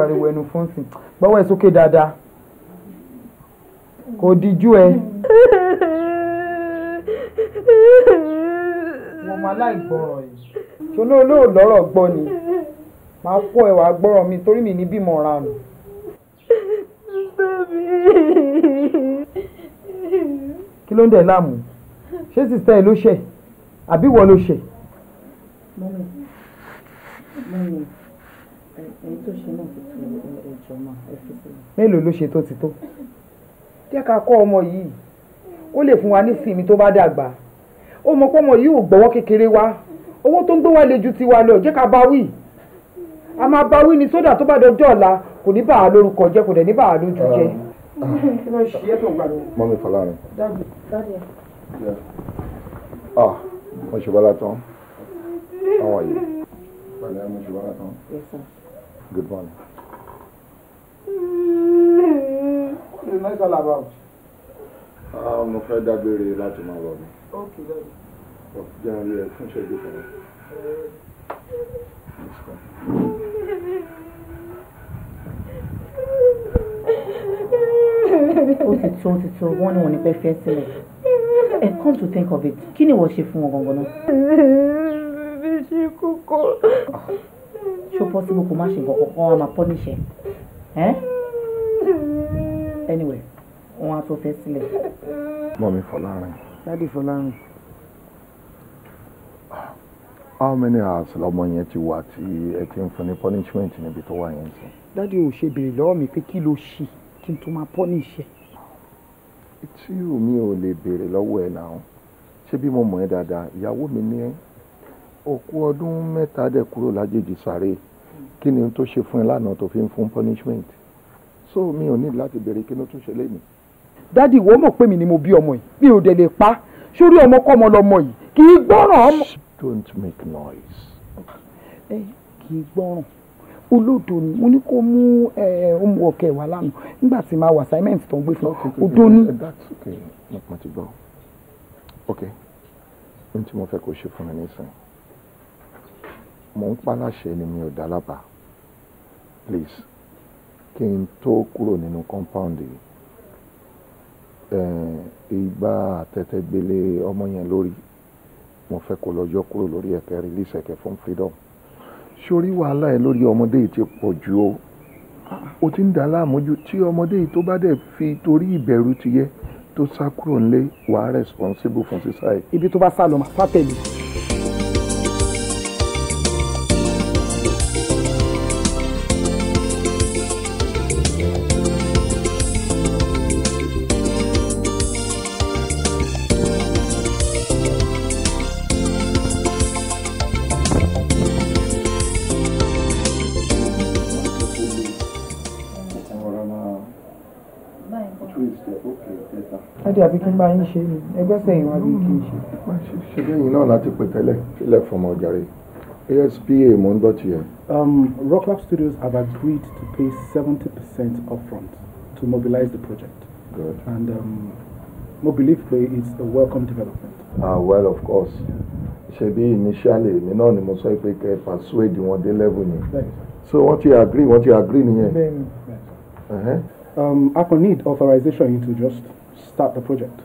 pariwo ẹnu fún sìn gbọ́wọ́ ẹ̀ sókè dáadáa kò díjú ẹ. mo máa láì gbọ́rọ̀ yìí ṣoná olóò lọ́rọ̀ gbọ́ ni máa kó ẹwà gbọ́rọ̀ mi torí mi ní bímọ ranù. kí ló ń dẹ̀ láàmú ṣé sísá ẹ ló ṣẹ̀ àbí ìwọ ló ṣẹ̀. mọ́mí mọ́mí ẹni tó ṣe náà mélòó ló ṣe tó ti tó jẹ́ ká kọ́ ọmọ yìí kó lè fún wa ní sinmi tó bá dàgbà ó mọ pọ́mọ yìí ò gbọ́wọ́ kékeré wa owó tó ń gbé wa lè ju tiwa lọ jẹ́ ká bá wí a máa bá wí ni sódà tó bá dọjọ́ ọ̀la kò ní bàá lórúkọ jẹ́ kò dẹ̀ ní bàá lójú jẹ́. mọ́mí fọlárin. ah mo ṣe bọ́lá tán àwọn yìí. Good morning. What is the night all about? Ah, mo fẹ́ dágbére láti máa lọ ni. Okay, daddy. Jẹun rí ẹ fún ṣẹ́jú kan. Ó ti tó, ti tó, wọ́n ní wọn ní pẹ́ fẹ́ sílẹ̀. Ẹ come to think of it, kí ni wọ́n ṣe fún wọn gangan náà? Bí ṣe kókó. Ah, ṣé possible kò má ṣe nǹkan kọ̀ọ̀kan, wọ́n á máa pọ́níṣẹ̀? anyway wọn á tó fẹ́ sílẹ̀. mọ mi Fọlárin. dádì Fọlárin. how many hours lọmọ yẹn ti wà tí ẹ ti ń fún ní punishment níbi tó wà yẹn sí. dádì ò ṣe béèrè lọ́wọ́ mi pé kí ló ṣe kí n tó máa punish ẹ. tí omi ò lè béèrè lọ́wọ́ ẹ̀ náà ṣé bí mo mọ̀ ẹ́ dáadáa ìyàwó mi ní òkú ọdún mẹ́ta dẹ̀ kúrò lájèjì sáré kí ni tó ṣe fún ẹ lánàá tó fi ń fún punishment so mi ò ní láti bèrè kí ló tún ṣe lémi. dádì ìwọ mọ̀ pé mi ni mo bí ọmọ yìí mi ò dẹ̀ lè pa sórí ọmọkọ́mọ lọmọ yìí kì í gbọ́ràn ọmọ. don't make noise. ẹ kì í gbọ́ràn olódo ni mo ní kó mú homework ẹ wá lánàá nígbà tí màá wà assignment tó ń gbé fún odó ní. that's okay ok ohun tí mo fẹ́ kó ṣe fún mi nísìnyí mo ń pa láṣẹ ni mi ò dá lábàá please kí n tó kúrò nínú compound yìí ìgbà àtẹ̀tẹ̀gbélé ọmọ yẹn lórí mo fẹ́ kó lọ yọ kúrò lórí ẹ̀kẹ́ release ẹ̀kẹ́ fún freedom sórí wàhálà ẹ lórí ọmọdé yìí ti pọ̀ jù o o ti ń dà láàmú jù tí ọmọdé yìí tó bá dẹ̀ fi torí ìbẹ̀rù ti yẹ tó sá kúrò nílé wàá responsible fún sísá ibi tó bá sá lọ máa fà tẹ̀lé. àbí kí n bá yín ṣe ni ẹgbẹ́ sẹ́yìn wá bí kì í ṣe. ṣe lẹ́yìn náà láti pè tẹ́lẹ̀ sílẹ̀ fún ọmọ ASPA mò ń gbọ́ tiẹ̀. Um, Rocklab Studios have agreed to pay seventy percent upfront to mobilize the project. Good. And um, mo believe pé it's a welcome development. Ah well of course ṣebí initially èmi náà ni mo sọ pé kẹ́ persuade wọn dé level yẹn so wọ́n ti agree wọ́n ti agree nìyẹn. um, I can need authorization yìí to just start the project.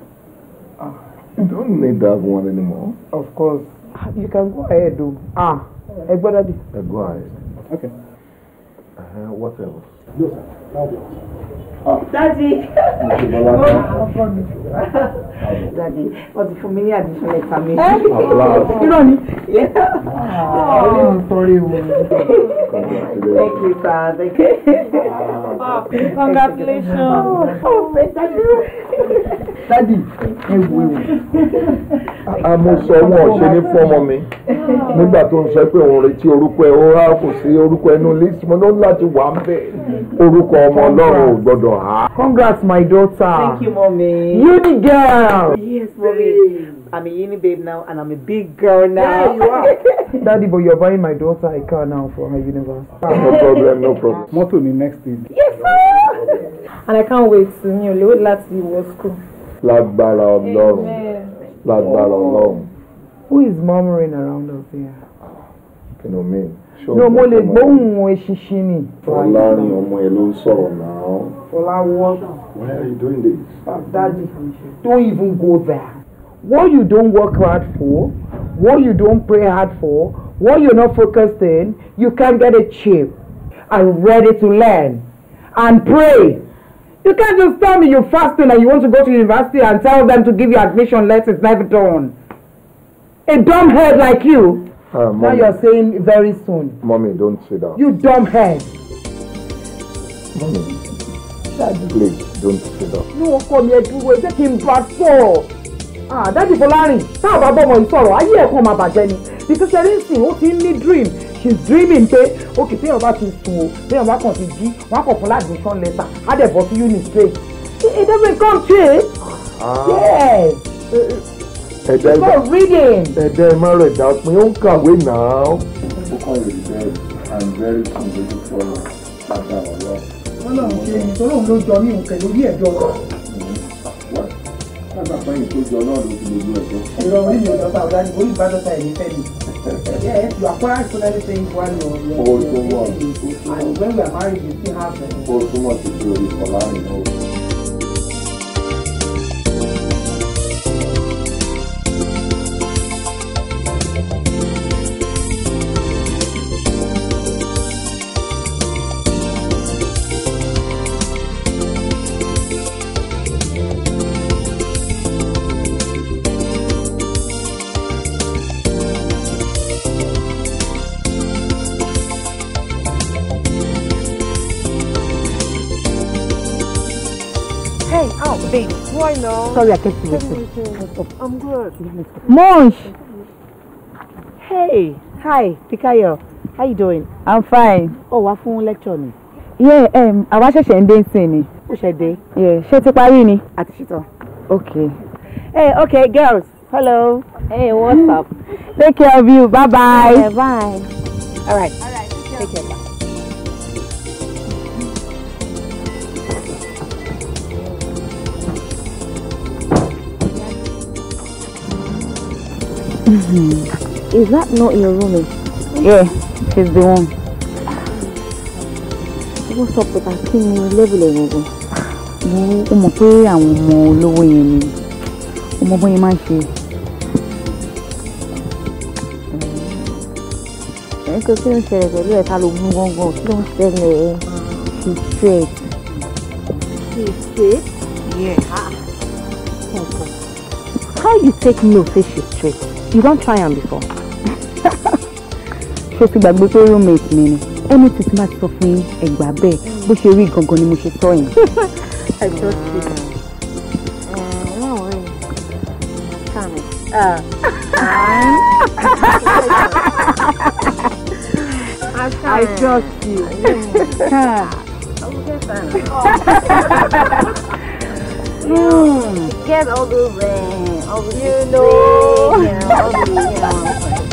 Ah, you don't need that one anymore. Of course. Ah, you can go ahead, though. Ah, ẹ gbọ́dọ̀ bí. Go ahead. Okay. Uh, what else? No, sir. That'll be all, dadi dadi wọ́n ti fún mi ní additional information. irọ́ ni. ọ̀rẹ́ mi sọrí o. thank you sir thank you. Oh, congratulations. Oh, dadi ẹ wo ewu. àmọ́ sọ wọn ò ṣe ní fún ọmọ mi nígbà tó ń sọ pé òun retí orúkọ ẹ ó rà kò sí orúkọ ẹnu lẹ́sìn mo ní láti wà ń bẹ̀ orúkọ ọmọ ọlọ́run ò gbọ́dọ̀ Congrats, my daughter. Thank you, mommy. Uni girl. Yes, mommy. I'm a uni babe now, and I'm a big girl now. Yeah, you are. Daddy, but you're buying my daughter a car now for her university. no problem, no problem. More to me next week. Yes, sir. and I can't wait to mi ò cool. wait láti of love. Lágbára Ọlọ́run. of love. Oh. Who is murmuring around us here? You know me no mo lè gbóhùn eṣinṣin ni. fọlárin ọmọ ẹ ló ń sọ̀rọ̀ náà. fọláwọ. why are you doing this. daddy don't even go there. what you don work hard for what you don pray hard for what you no focus in you can get a chip. and ready to learn and pray. You can't just tell me you fasting and you want to go to university and tell them to give you admission letters never done. A dumb head like you Uh, now you're saying very soon. Mommy, don't say that. You dumb head. Mommy, Daddy. please don't say that. Ní ọkọ come here to jẹ́ kí n bá sọ̀rọ̀. Dádì Fọlárin, tá a about bọ́mọ ìsọ̀rọ̀, I ẹ̀kọ́ máa bàjẹ́ Jenny. Because ṣe ń sìn, ó ti ń dream. She's dreaming pé òkè téèyàn bá ti sùn o, téèyàn bá G. ti jí, wọ́n á kàn fún admission letter, á dẹ̀ bọ́ sí uni straight. It doesn't come true. Ah. Yes. uh, ẹ̀dá ẹ̀dá ẹ̀ má rẹ̀ dá pin ó ń kàwé náà. àkókò rẹ̀ jẹ́ i'm very convinced for padà ọ̀rọ̀. wọ́n náà ń ṣe ìtọ́lọ́run ló jọ ní òkè lórí ẹ̀jọ́. kábà pẹ́yìn tó jọ náà ló fi lójú ẹ̀jọ́. ẹ̀rọ orí mi ò lọ́ba ọ̀gá ni orí ìbádọ́ta ẹ̀mí fẹ́ mi. Yes, you are quite actually saying one or the other. And when we are married, you still have. Both too much to do with Kolani. why now? Sorry, I kept you I'm good. Monch! Hey! Hi, Pikayo. How you doing? I'm fine. Oh, what phone lecture ni. Yeah, um, I was just dé nsìn ni. Ó ṣe dé. Yeah, ṣé ti parí ni? Àti ṣetán. Okay. Hey, eh, okay, girls. Hello. Hey, what's up? Take care of you. Bye bye. Yeah, bye. All right. All right. Take care. Take care. Is that not your roommate? Yeah, she's the one. What's up with her? Kí ni level ẹ̀ gbogbo? Mo ó mọ̀ pé àwọn ọmọ olówó yẹn ni ọmọ bọ́yẹn máa ń ṣe. Ẹ̀yin kò kí ló ń ṣẹlẹ̀ pẹ̀lú ẹ̀ka ló mú gángan kí ló ń ṣẹlẹ̀ ẹ̀ ṣe straight. Ṣe straight? Yeah. Ah. How you take no say she's straight? You don't try am before. Ṣé o ti gbàgbé pé roommate mi ni? Ẹni tí tí máa ti sọ fún yín ẹ̀gbà bẹ́ẹ̀ bó ṣe rí gangan ni mo ṣe sọ yẹn. I trust you. Má I trust you. I trust you. Hmm. get all the rain, all the you know. all the, you know.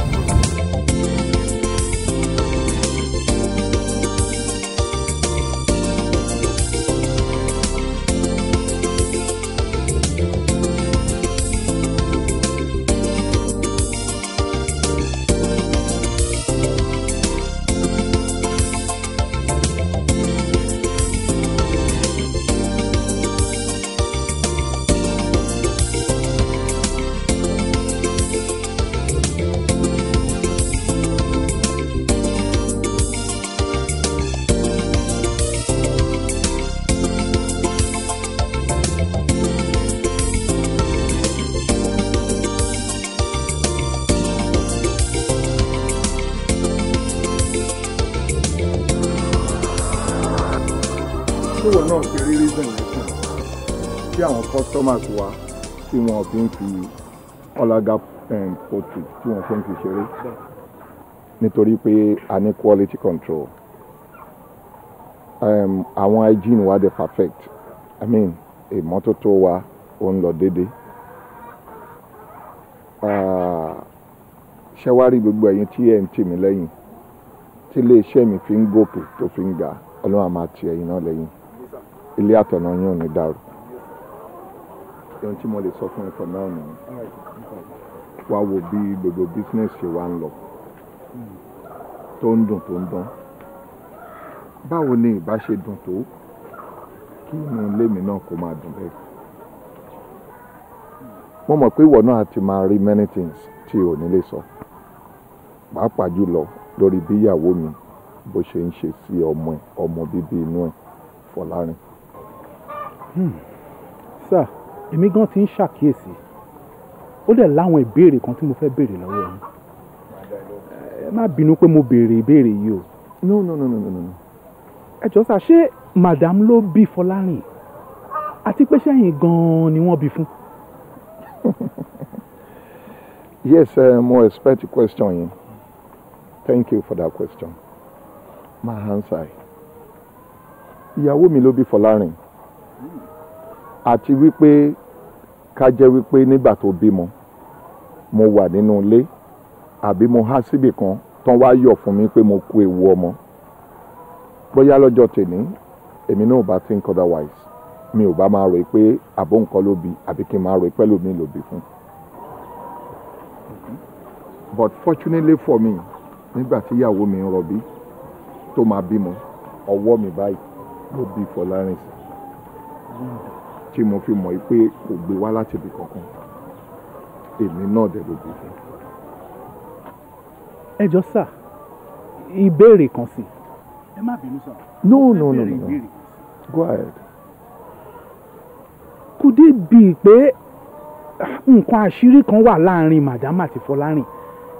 customers wa tí wọn fi ń fi ọlága pọtù eh, tí wọn fi ń fi ṣeré nítorí pé a ní quality control àwọn hygiene wa dey perfect i mean ìmọ́tótó wa ó ń lọ déédéé ah, ṣẹ́wárí gbogbo ẹ̀yin tí ẹ̀ ń tì mí lẹ́yìn tí iléeṣẹ́ mi fi ń gòkè tó fi ń ga ọlọ́run àmà tì ẹ̀yin náà lẹ́yìn ilé àtọ̀nà yín ní dàrú ohun tí mo lè sọ fún ẹ for nù wá wo bí gbogbo business ṣe wá ń lọ tó ń dùn tó ń dán báwo ni ìbá ṣe dùn tó kí inú ilé mi náà kó máa dùn bẹ́ẹ̀ mo mọ̀ pé ìwọ náà ti máa rí many things tí ò ní lè sọ pàápàá jùlọ lórí bí ìyàwó mi bó ṣe ń ṣe sí ọmọ ẹ ọmọ bíbí inú ẹ Fọlárin. Hmm. sir èmi gan ti ń ṣàkíyèsí ó dẹ̀ láwọn ìbéèrè kan tí mo fẹ́ béèrè lọ́wọ́ yín ẹ má bínú pé mo béèrè ìbéèrè yìí o. no no no no no no. ẹ jọ sá ṣé madam ló bí Fọlárìn àti pé sẹ́yìn gan-an ni wọ́n bí fún. yes uh, mo expect question yẹn thank you for that question my answer ìyàwó mi ló bí Fọlárìn àti wípé ká jẹ́ wípé nígbà tó bímọ mo wà nínú ilé àbí mo há síbì kan tán wá yọ̀ fún mi pé mo kú ewu ọmọ bóyá lọ́jọ́ tèmi èmi náà bá think otherwise mi ò bá máa rò pé àbó nǹkan ló bí àbí kí n máa rò pé lómi ló bí fún. but fortunately for me nígbà tí ìyàwó mi ń rọbí tó máa bímọ ọwọ́ mi báyìí ló bí Fọlárìnsì tí mo fi mọ̀ pé kò gbé wá láti ibi kankan èmi náà dẹ̀ ló gbé fún. ẹ jọ sà ìbéèrè kan sí. ẹ má bínú sà. no no no no go ahead. could it be pé nǹkan àṣírí kan wà láàrin madam àti fọlárìn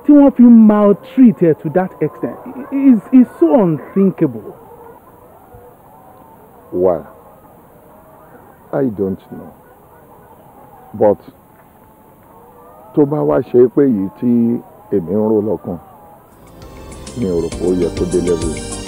tí wọ́n fi maltreat her to that extent is is so unthinkable. why. Wow I don't know but tó bá wá ṣe pé èyí tí èmi ń rò lọ́kàn mi ò yẹ kó dé level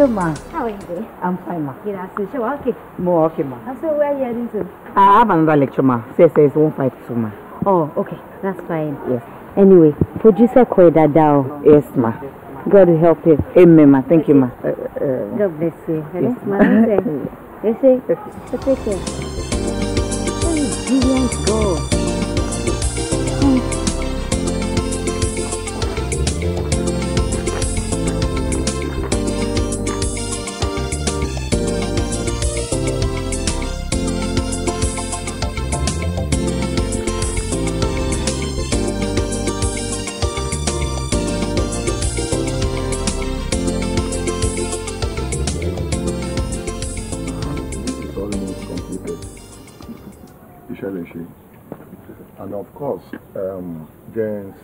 Hello, ma. How are you doing? I'm fine, ma. Good afternoon. Sure, okay. More okay, ma. And so, where are you heading to? I have another lecture, ma. it's one five two, ma. Oh, okay. That's fine. Yes. Anyway, producer kọ dáadáa o. Yes, ma. God will help you. Amen, ma. Thank okay. you, ma. Uh, uh, God bless you. Yes, ma. Yes, ma. Eh? Take care. Oh, brilliant God.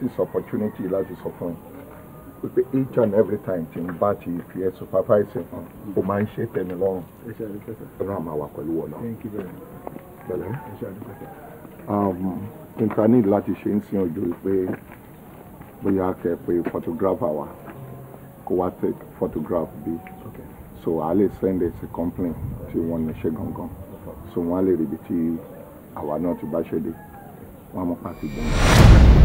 seize opportunity láti sọ fún un pé each and every time tí n bá ti fi ẹ supervise hàn ó máa ń ṣe tẹ́mi lọ́rùn ọlọ́run máa wà pẹ̀lú wọn náà pẹ̀lẹ́ nǹkan um, a láti ṣe ń sin ojú pé bóyá kẹ pé photographer wa kó wá take photograph bí so a lè send it to complain tí wọ́n ní ṣe gangan so wọ́n á lè ríbi tí àwa náà ti bá ṣe dé wọ́n á mọ̀ pàṣẹ gbọ́n.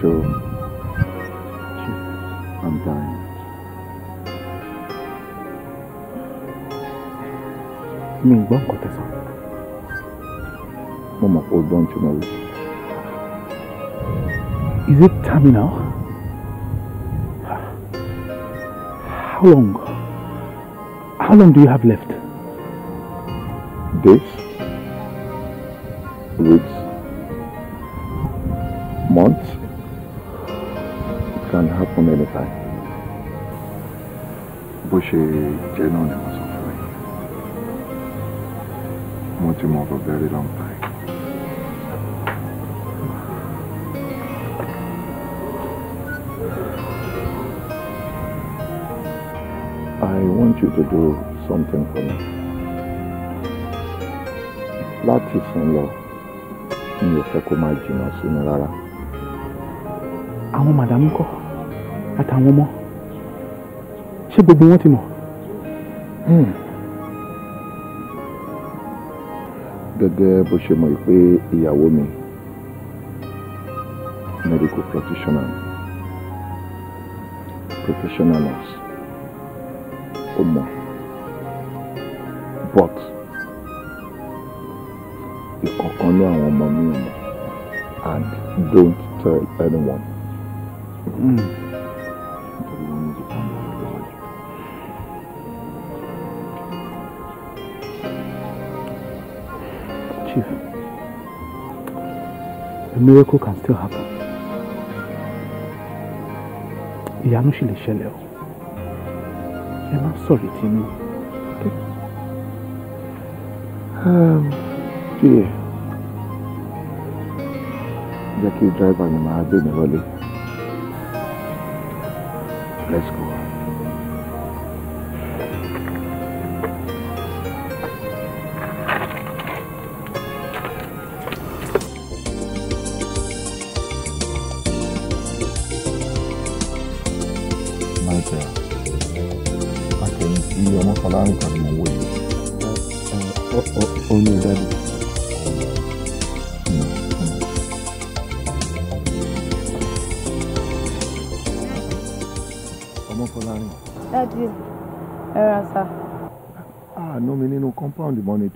show. I'm dying. mi ì gbọ́ nǹkan tẹ̀sán mo mọ̀ pé o gbọ́n tí mo wí. Is it terminal? How long? How long do you have left? This? ṣe jẹ́ náà ni mo sọ fún very long time. I want you to do something for me. Láti sìn lọ, mi ò fẹ́ kó máa jìnnà sí mi rárá. Àwọn màdámù kọ́ àtàwọn ọmọ ṣé gbogbo wọn ti mọ̀. Hmm. gẹ́gẹ́ bó ṣe mọ̀ pé ìyàwó mi medical practitioner professional nurse ó mọ̀ but ìkọ̀kan ní àwọn ọmọ mi mọ̀ and don't tell anyone. Mm. a miracle can still happen ìyanu sì lè ṣẹlẹ̀ o ẹ má sọ̀rọ̀ tìǹbù jùlọ um, jẹ́ kí dírẹ́fà ni màá gbé let's go.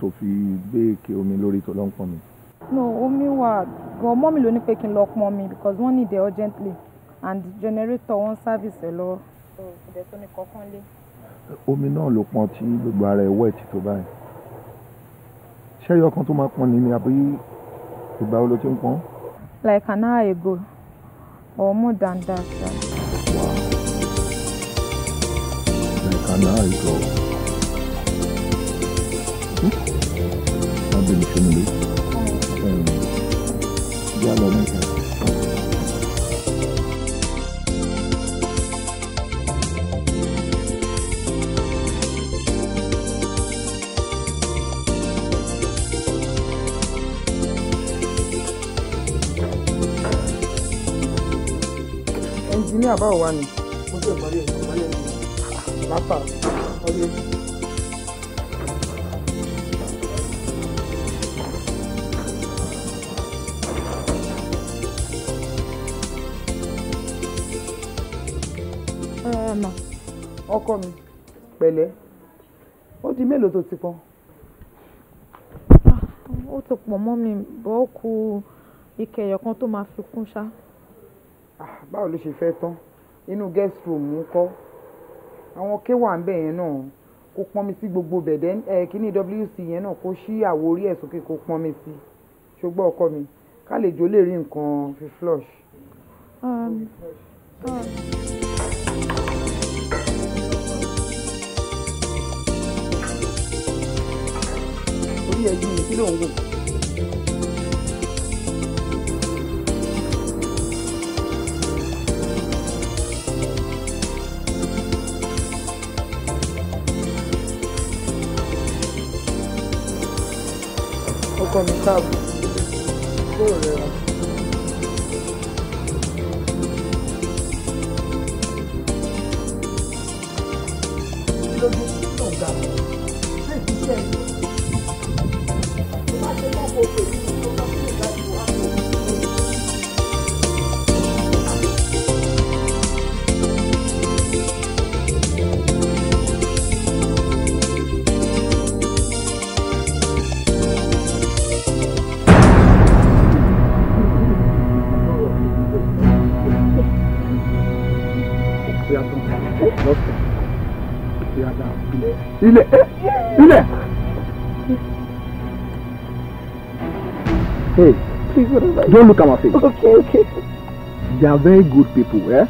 tó fi gbé èké omi lórí tó lọ ń pọn mi. no omi wa. gan mọ́mì ló ní pé kí n lọ pọn mi because wọ́n need it urgently and generator wọ́n service ẹ̀ lọ́wọ́. ìdẹ̀ tó ní kọ̀ọ̀kan lé. omi náà ló pọn tí gbogbo ara ẹ̀ wet tó báyìí ṣẹ́yọ kan tó máa pọn ní ni àbí ìgbà wo ló ti ń pọn. like an hour ago or more than that. Wow. like an hour ago wọ́n bẹ̀rẹ̀ sínú ilé yálọ̀ mẹ́ta. ẹnjìníà báwo wà ní. mo jẹ́ ìpàdé ìpàdé ìpàdé ìpàdé. ma. ọkọ mi pẹ̀lẹ́ ó di mélòó tó ti pọn. ó ti pọ̀ mọ́ mi bọ́ ó ku ike ẹ̀yọ̀ kan tó máa fi kún ṣá. Ah, báwo ló ṣe fẹ́ tán inú guest room ń kọ́ àwọn kéwà ń bẹ̀ yẹn náà kó pọ́n mi sí gbogbo bẹ̀dẹ́ ẹ̀ kíní wc yẹn náà kó ṣí àwo orí ẹ̀ sókè kó pọ́n mi sí ṣùgbọ́n ọkọ mi ká lè jó lè rí nǹkan fi flush. Um, um. ẹjú mi kí ló ń wò. ọkọ mi káàbọ̀ kúrò rẹ wá. kí ló Il est Hey, please, what have I Don't look at my face. Okay, okay. They are very good people, eh?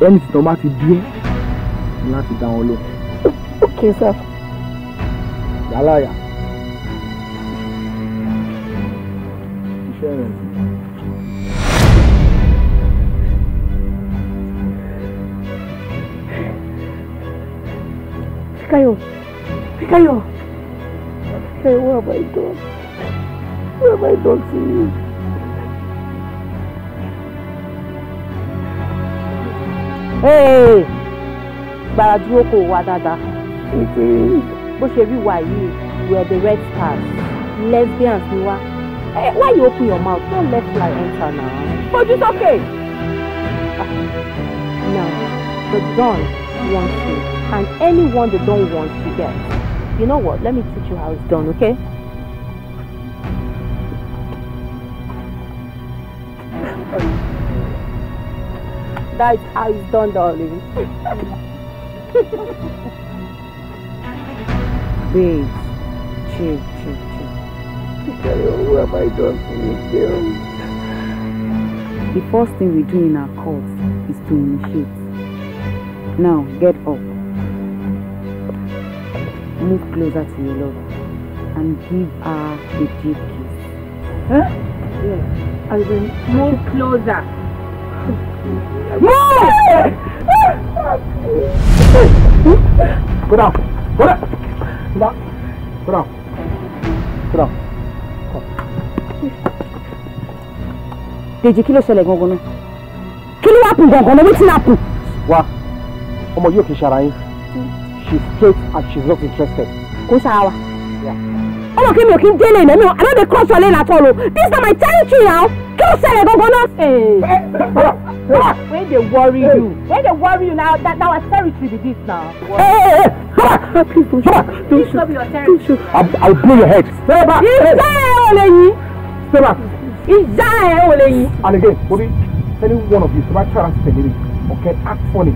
And it's not ti dín, ní láti dá wọn lò. Okay, sir. Yàrá yà. Iṣẹ́ rẹ̀ sí. Fikayo! Fikayo! what have I done? have I done Hey! Gbàrà dúró kò wá dáadáa. Bó ṣe rí wa yìí, we are the red stars, lesbians ni wá. why you open your mouth? Don't let fly enter now. Fojú sókè! Now, the Don wants you, and anyone the Don want you get. You know what? Let me teach you how it's done, okay? That is how it's done, darling. Babe, chill, chill, chill. I done to you, The first thing we do in our court is to initiate. Now, get up. Move closer to your lover and give her a deep kiss. Huh? Yes. I will move closer. Move! Go down. Go down. Go down. Go down. Go down. Dèjì Did you kill gangan náà? Kí ló happen gangan náà? Wetin happen? Wá, ọmọ yóò kì í ṣara yín. She's straight and she's not interested. Kò ṣara Yeah. Ọmọ kí mi ò kí ń délé ìnáwó mi, I no dey cross your lane at all o. This na my territory now. Kí ló ṣẹlẹ̀ gangan Hey. Hey, when they worry hey. you, when they worry you now, that now territory be this now. Hey, hey, hey, shut please don't shut Don't please stop your terror. Don't shoot. I'll, I'll blow your head. Stay back. Ìjà ẹ̀ ò Stay yín. Step back. Ìjà ẹ̀ ò And again, Bobby, any one of you, so I try to tell you, okay, act funny.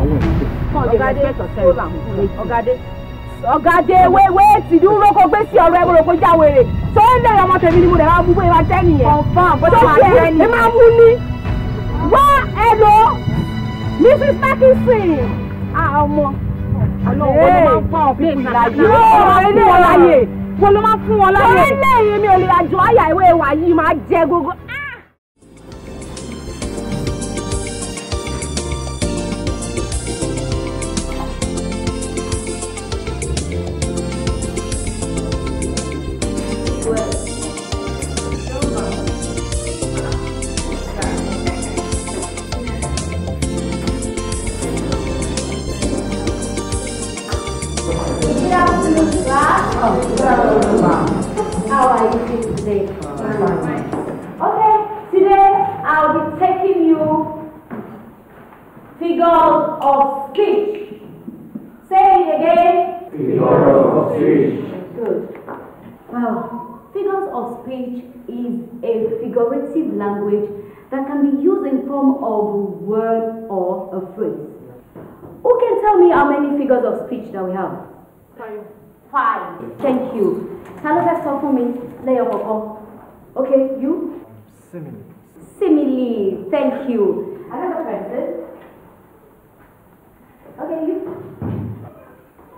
Ọ̀gádé Ọ̀gádé ọ̀gádé wéwé ti dúró kó gbé sí ọ̀rọ̀ ẹ̀wọ̀n kó jáwèrè. Sọ́ńdẹ̀ ọmọ tèmi ni mo dẹ̀ máa mú bóyá máa jẹ́ nìyẹn. Ọ̀fọ̀n bó ṣe máa jẹ́ nìyẹn. Ẹ máa mú ní wá ẹlò mrs parkinson ọmọ ọlọ́wọ́ ló máa ń fún àwọn pípì láyé wọ́n ló máa ń fún wọn láyé wọ́n ló máa ń fún wọn láyé wọ́n lẹ́yìn mi ò lè àjọ àyà ìwé wa yìí máa jẹ gógó.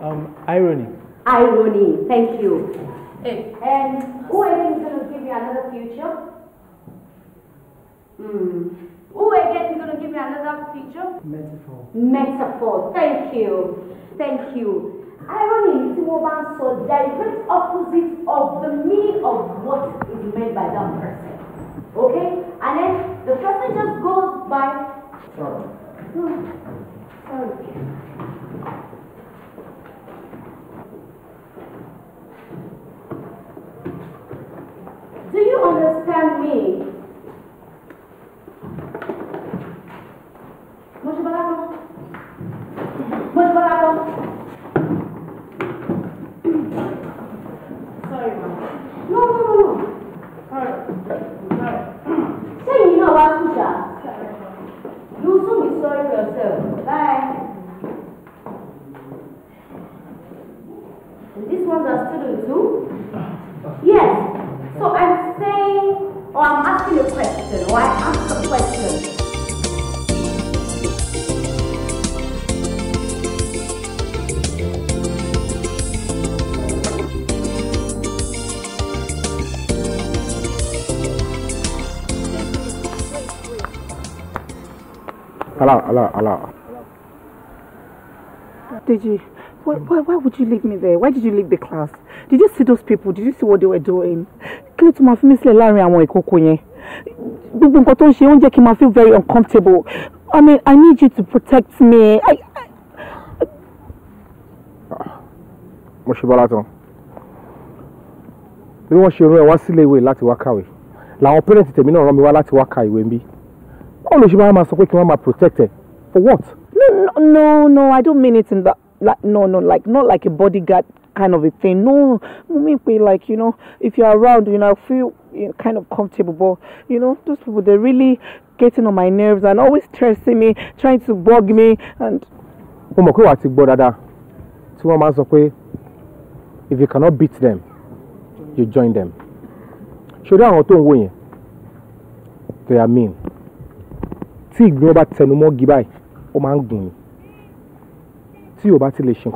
Um, irony. Irony, thank you. And who again is going to give me another future? Hmm. Who again is going to give me another future? Metaphor. Metaphor, thank you. Thank you. Irony is woven so direct opposite of the me of what is meant by that person. Okay? And then the person just goes by. Sorry. Hmm. Sorry. Do you understand me? I'm asking a question, I ask a question. Hello, hello, hello. Did you? Why, why, why would you leave me there? Why did you leave the class? Did you see those people? Did you see what they were doing? kí ló tún máa fi mí sílẹ̀ láàrin àwọn ìkókó yẹn gbogbo nǹkan tó ń ṣe ó ń jẹ́ kí n máa feel very uncomfortable I mean I need you to protect me. I, I... mo ṣe bọ́lá tán bí wọ́n ṣe rán ẹ wá sílé ìwé láti wá kàwé làwọn pẹ́rẹ́ǹtì tèmi náà rán mi wá láti wá ka ìwé ń bí báwo ló ṣe máa máa sọ pé kí wọ́n máa protect ẹ for what. no no no i don't mean it in that like no no like not like a bodyguard kind of a thing. No, Mumipe, like, you know, if you're around, you know, I feel you eh, know, kind of comfortable. But, you know, those people, they're really getting on my nerves and always stressing me, trying to bug me. And. Mo mọ̀ pé wàá if you cannot beat them you join them. Ṣorí àwọn tó ń wò they are mean. Tí ìgbìmọ̀ bá tẹnu mọ́ gí báyìí, ó máa ń gùn ni. Tí ò bá ti lè ṣe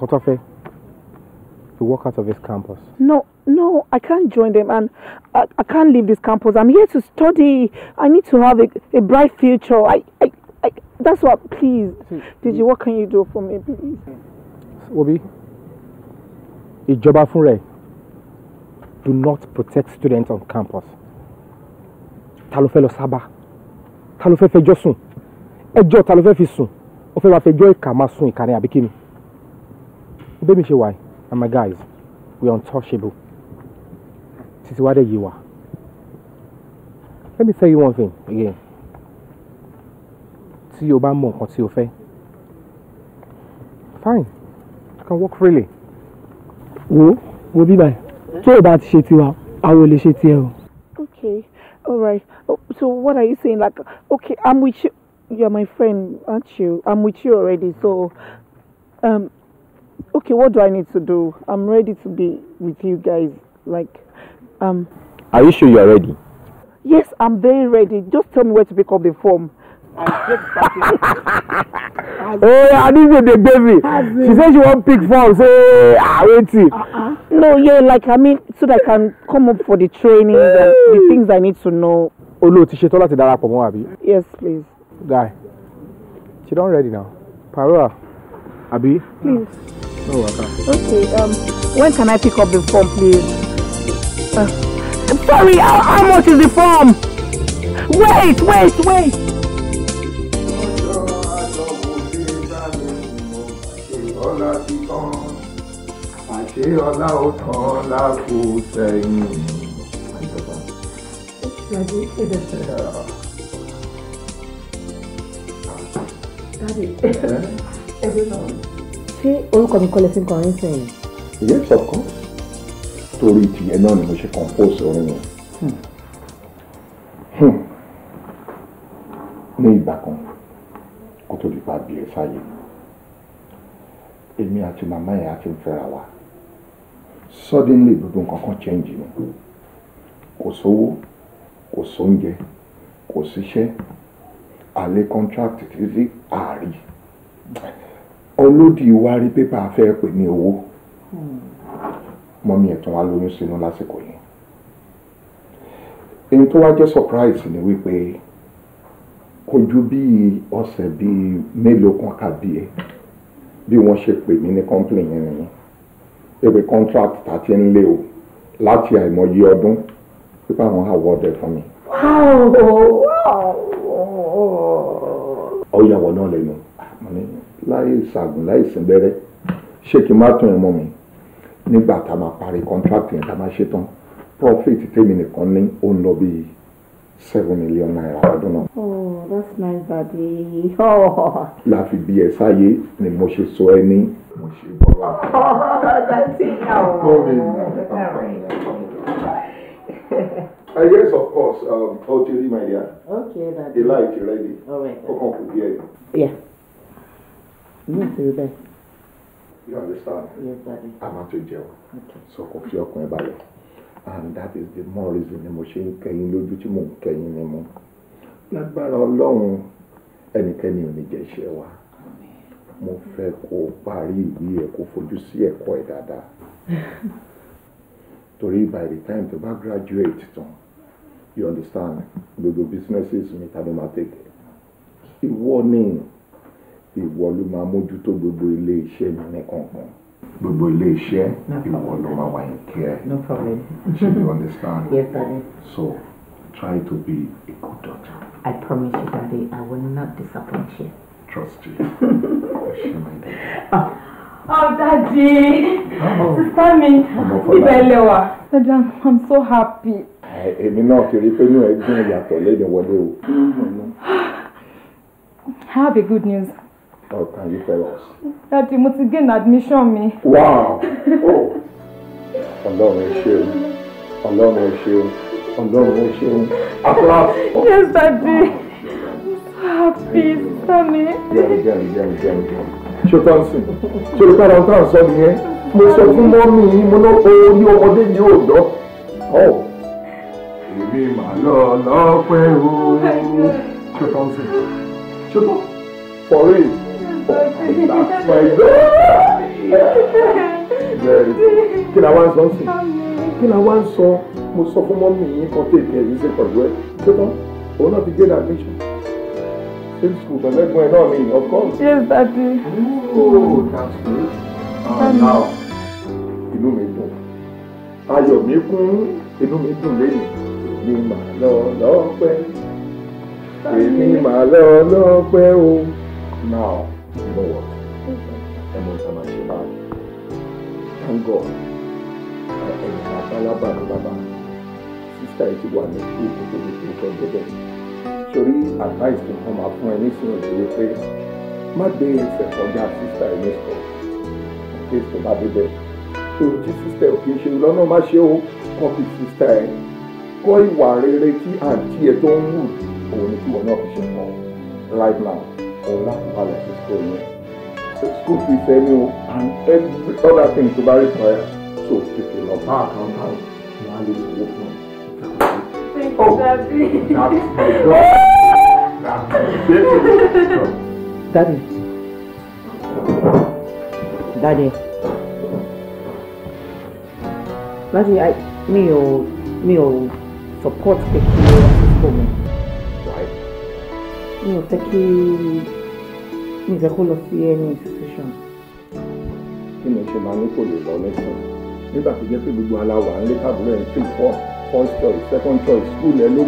to walk out of this campus? No, no, I can't join them and I, I can't leave this campus. I'm here to study. I need to have a, a bright future. I, I, I, that's what, please. Deji, what can you do for me, please? Obi, Ijoba Funre, do not protect students on campus. Talofe lo fẹ́ talofe fe Ta ló talofe fisun, sùn? Ẹjọ́ ta ló fẹ́ fi sùn? Ó fẹ́ wá fẹjọ́ mi she wà And my guys, we're untouchable. This is where you are. Let me tell you one thing again. See o bá mọ or see o fair. Fine. I can walk freely. Wo we'll be báyìí. Tí o bá ti ṣe tiwa, àwọn ò lè Okay, alright. Oh, so what are you saying? Like, okay, I'm with you. You're my friend, aren't you? I'm with you already, so um, okay, what do I need to do? I'm ready to be with you guys. Like, um. Are you sure you are ready? Yes, I'm very ready. Just tell me where to pick up the form. Oh, yeah, I need the baby. She said she won't pick form. Say, ah, I wait. Uh-uh. No, yeah, like I mean, so that I can come up for the training, the, the things I need to know. Olo, ti ṣetán láti darapọ̀ mọ́ àbí? Yes, please. Guy, she don ready now. Paroa, àbí? Please. You're oh, welcome. Okay, um, when can I pick up the form, please? Uh, sorry, how, how much is the form? Wait, wait, wait. ṣé ọlá ó Daddy, everyone ṣé orúkọ mi kọ́lé tí ń kọrin sí ẹ̀yìn. yes of course torí tìyẹn náà ni mo ṣe compose orin yẹn hmm. Hmm. ní ìgbà kan kó tó di pa bìrì sáyé èmi àti màmá yẹn á ti wa suddenly gbogbo nǹkan kan change ni kò sówó kò sóúnjẹ kò síṣẹ́ àlè contract títí àárí olódì wa rí pépà fẹ́ pè ní owó hmm. mọ́mí ẹ̀tún wa lóyún sínú lásìkò yẹn èyí tó wá jẹ́ surprise ni wípé kò ju bíi ọ̀sẹ̀ bíi mélòó kan kàbí ẹ̀ bí wọ́n ṣe pè mí ní complain yẹn nìyẹn pépè contract tá a ti ń lé o láti àìmọye ọdún pípa àwọn award ẹ̀ fún mi. ó yà wọ́n náà lẹ́nu láì ṣàgùn láì sìnbẹ́rẹ́ ṣé kí n má tún ìmọ̀ mi nígbà tá a máa parí contract yẹn tá a máa ṣe tán profit tèmi nìkan ní ó ń lọ bíi seven million naira ọdún náà. oh that's nice daddy. la fi bí ẹ sáyé ni mo ṣe sọ ẹ ní mo ṣe bọ́lá. that's it now. Uh, yes, of course. Um, I'll tell you, my dear. Okay, Daddy. The light, ready. All right. Okay. Yeah inú ìṣòro bẹ́ẹ̀. you understand. yes daddy. not máa jail. Okay. so kò fi ọkàn ẹ balẹ̀ and that is the more reason ni mo ṣe ń kẹyìn lójú tí mò ń kẹyìn ni mo lágbára ọlọ́run ẹnikẹ́ni ò ní jẹ́ iṣẹ́ wa mo fẹ́ kó o parí ìwé ẹ̀ kó fojú sí ẹ̀kọ́ ẹ̀ dáadáa torí by the time tó bá graduate tán you understand gbogbo businesses mi ta ló máa tẹ̀lé ìwọ ni ìwọ ló máa mójútó gbogbo ilé iṣẹ́ mi ní kọ̀ọ̀kan gbogbo ilé iṣẹ́ ìwọ ló máa wà ní care no problem understand so try to be a good daughter i promise you daddy i will not disappoint you trust you she my oh, oh. Daddy! Oh. Sister mi, bíbẹ̀ lẹ́wà. Dada, I'm so happy. Eh, èmi náà ti pé inú ẹ̀ gbọ́n yàtọ̀ lẹ́nu wọlé o. Mm-hmm. I have a good news. How oh, can you fail us? Daddy, mo ti gain admission me. Wow! Oh! Ọlọ́run ẹ ṣeun. Ọlọ́run ẹ ṣeun. Ọlọ́run ẹ ṣeun. Applaus. Yes, daddy. Happy, Sammy. Jẹun, jẹun, jẹun, jẹun, jẹun. Ṣé o tán sí? Ṣé o tán tán sọ nìyẹn? Mo sọ fún mọ́mí yìí, mo ná o oh. oh For real that's my God. kí la wá ń sọ sí kí la wá ń sọ mo sọ fún mọ́mí yín kan tó èké ẹ̀yìn ṣe pẹ̀lú ẹ̀ ṣé tán òun náà ti gé ní admission same school pẹ̀lú ẹ̀gbọ́n ẹ̀ náà mi of course. yes daddy. Oh, that's great. Uh, now inú mi dùn ayọ̀ mi kún inú mi dùn lẹ́yìn mi mà lọ lọ́pẹ́ èmi mà lọ lọ́pẹ́ o now lọ́wọ́ ẹ mọ ìta máa ṣe bá thank God ẹ̀yìn àbálábà ní bàbá sísá yìí ti wà ní kí òkú ní kí nǹkan jẹ́jẹ́ sórí advice tó kàn máa fún ẹ nísìnyí tó yẹ pé má gbé ẹsẹ̀ kọjá sísá yìí nìkan kí èsì bá dé bẹ́ẹ̀ tó jí ọ̀la balẹ̀ sí school yẹn school fees ẹni o and every other thing tó bá rí so tètè lọ bá accountant ní a lè lówó fún ẹ. Oh, that's my God. Daddy. Daddy. Daddy, I, mi ò, mi ò support pé kí o wá mi ò fẹ́ kí mi ò fẹ́ kó lọ sí any institution. kí ni ṣe máa ní kò lè lọ lẹ́sìn nígbà tó first choice second choice school ẹ mú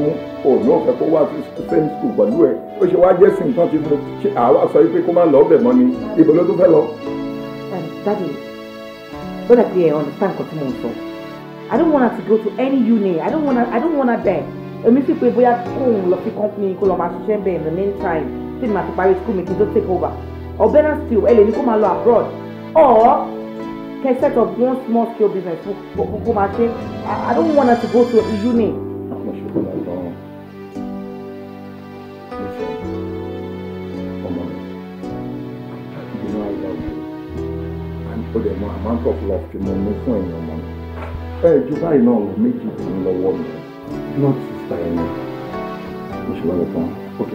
òun náà fẹ́ wá sí same school pẹ̀lú ẹ ó ṣe wá jẹ́ sí nǹkan tí mo ṣe àwa sọ pé kó má lọ ọbẹ̀ mọ́ ni ibo ló tún fẹ́ lọ. dadi ó dàbí understand nǹkan tí mo I don't wanna to go to any uni I don't wanna I don't wanna beg èmi sì pé bóyá kóun lọ sí company kó lọ máa ṣiṣẹ́ bẹ́ẹ̀ in the meantime tí màá ti parí school mi kí n take over or better still ẹ lè ní kó máa abroad or can set up one small scale business fún kó máa ṣe I don't want her to go to uni. ó dẹ̀ mọ amount of love tí mo ní fún èèyàn mọ́ ẹ ju báyìí náà lọ méjì tó ń lọ́wọ́ mi not báyìí ni mo ṣe wá lọ tán ok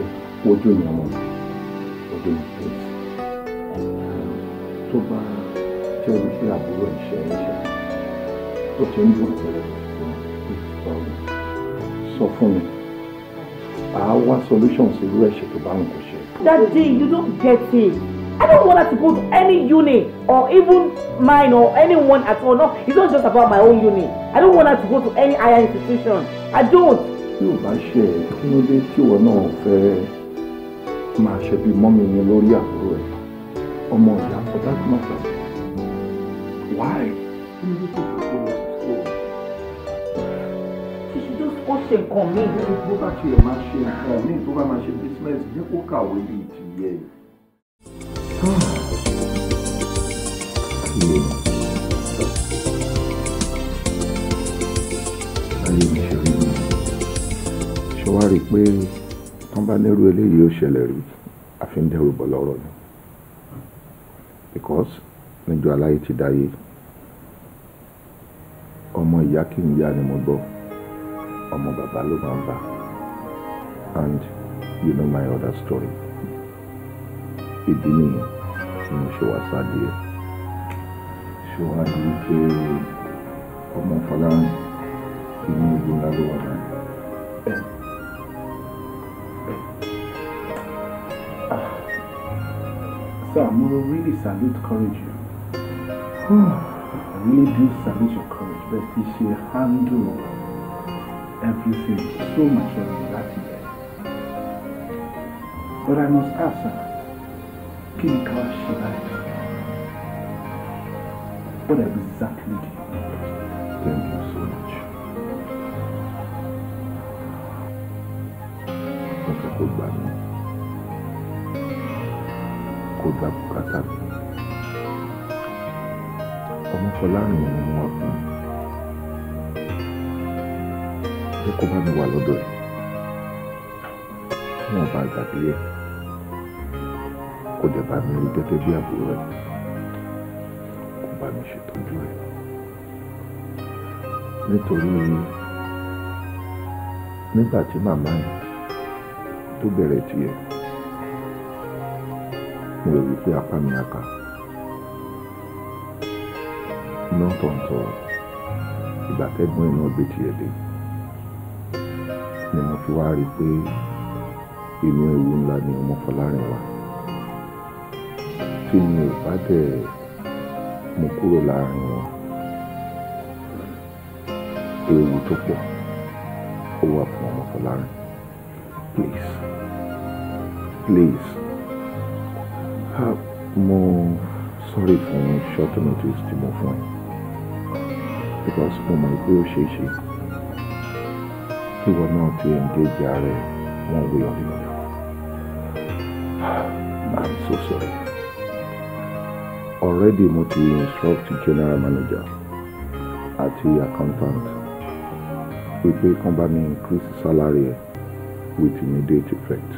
you don't get it. I don't want her to go to any uni or even mine or anyone at all. No, it's not just about my own uni. I don't want her to go to any higher institution. I don't tí ò bá ṣe ẹ̀ kí ló dé tí ìwọ náà fẹ́ máa ṣe bí mọ́mí yẹn lórí àbúrò ẹ̀ ọmọ ìyá for that matter why. ó ṣe nǹkan mi. bó bá tiẹ̀ máa ṣe nǹkan mi tó bá máa ṣe business jẹ́ kó kàwé bíi tìyẹ. Yeah. rí i pé tán bá nírú eléyìí ó ṣẹlẹ̀ rí àfi ń dẹ́rù bọ̀ lọ́rọ̀ ni because níjọ aláyé ti dáyé ọmọ ìyá kì í yá ni mo gbọ́ ọmọ bàbá ló máa ń bá and you know my other story ìdí nìyí tí mo ṣe wá sáde ẹ ṣe wá di pé ọmọ fọlárin inú ìlú ńlá ló wà náà. Sir, we really salute courage you. I really do salute your courage, but you should handle everything so much of that year. But I must ask, sir, can you King Kawashi, what have Fọlárìn ni mo wà fún jẹ́ kó bá mi wà lọ́dọ̀ ẹ̀ wọn bá gbàgbé ẹ̀ kó dẹ̀ bá mi rí gẹ́gẹ́ bí àbúrò ẹ̀ kó bá mi ṣètọ́jú ẹ̀ nítorí nígbà tí màmá yẹn tó bẹ̀rẹ̀ tiẹ̀ mo rò wípé apá mi á kà á iná tọ̀ntọ̀ ìgbà tẹ́gbọ́n iná gbé tiẹ̀ dé ni mo fi wá rí i pé inú ewu ńlá ni ọmọ Fọlárin wà tí mi ò bá dẹ̀ mú kúrò láàrin wọn ewu tó pọ̀ ó wà fún ọmọ please please ha ah, mo sorry my short notice to move on because mo mọ̀ pé ó ṣeé ṣe kí ìwọ náà ti engage one way or the other i'm so sorry already mo instructed instruct general manager àti accountant wípé kán bá mi increase salary with immediate effect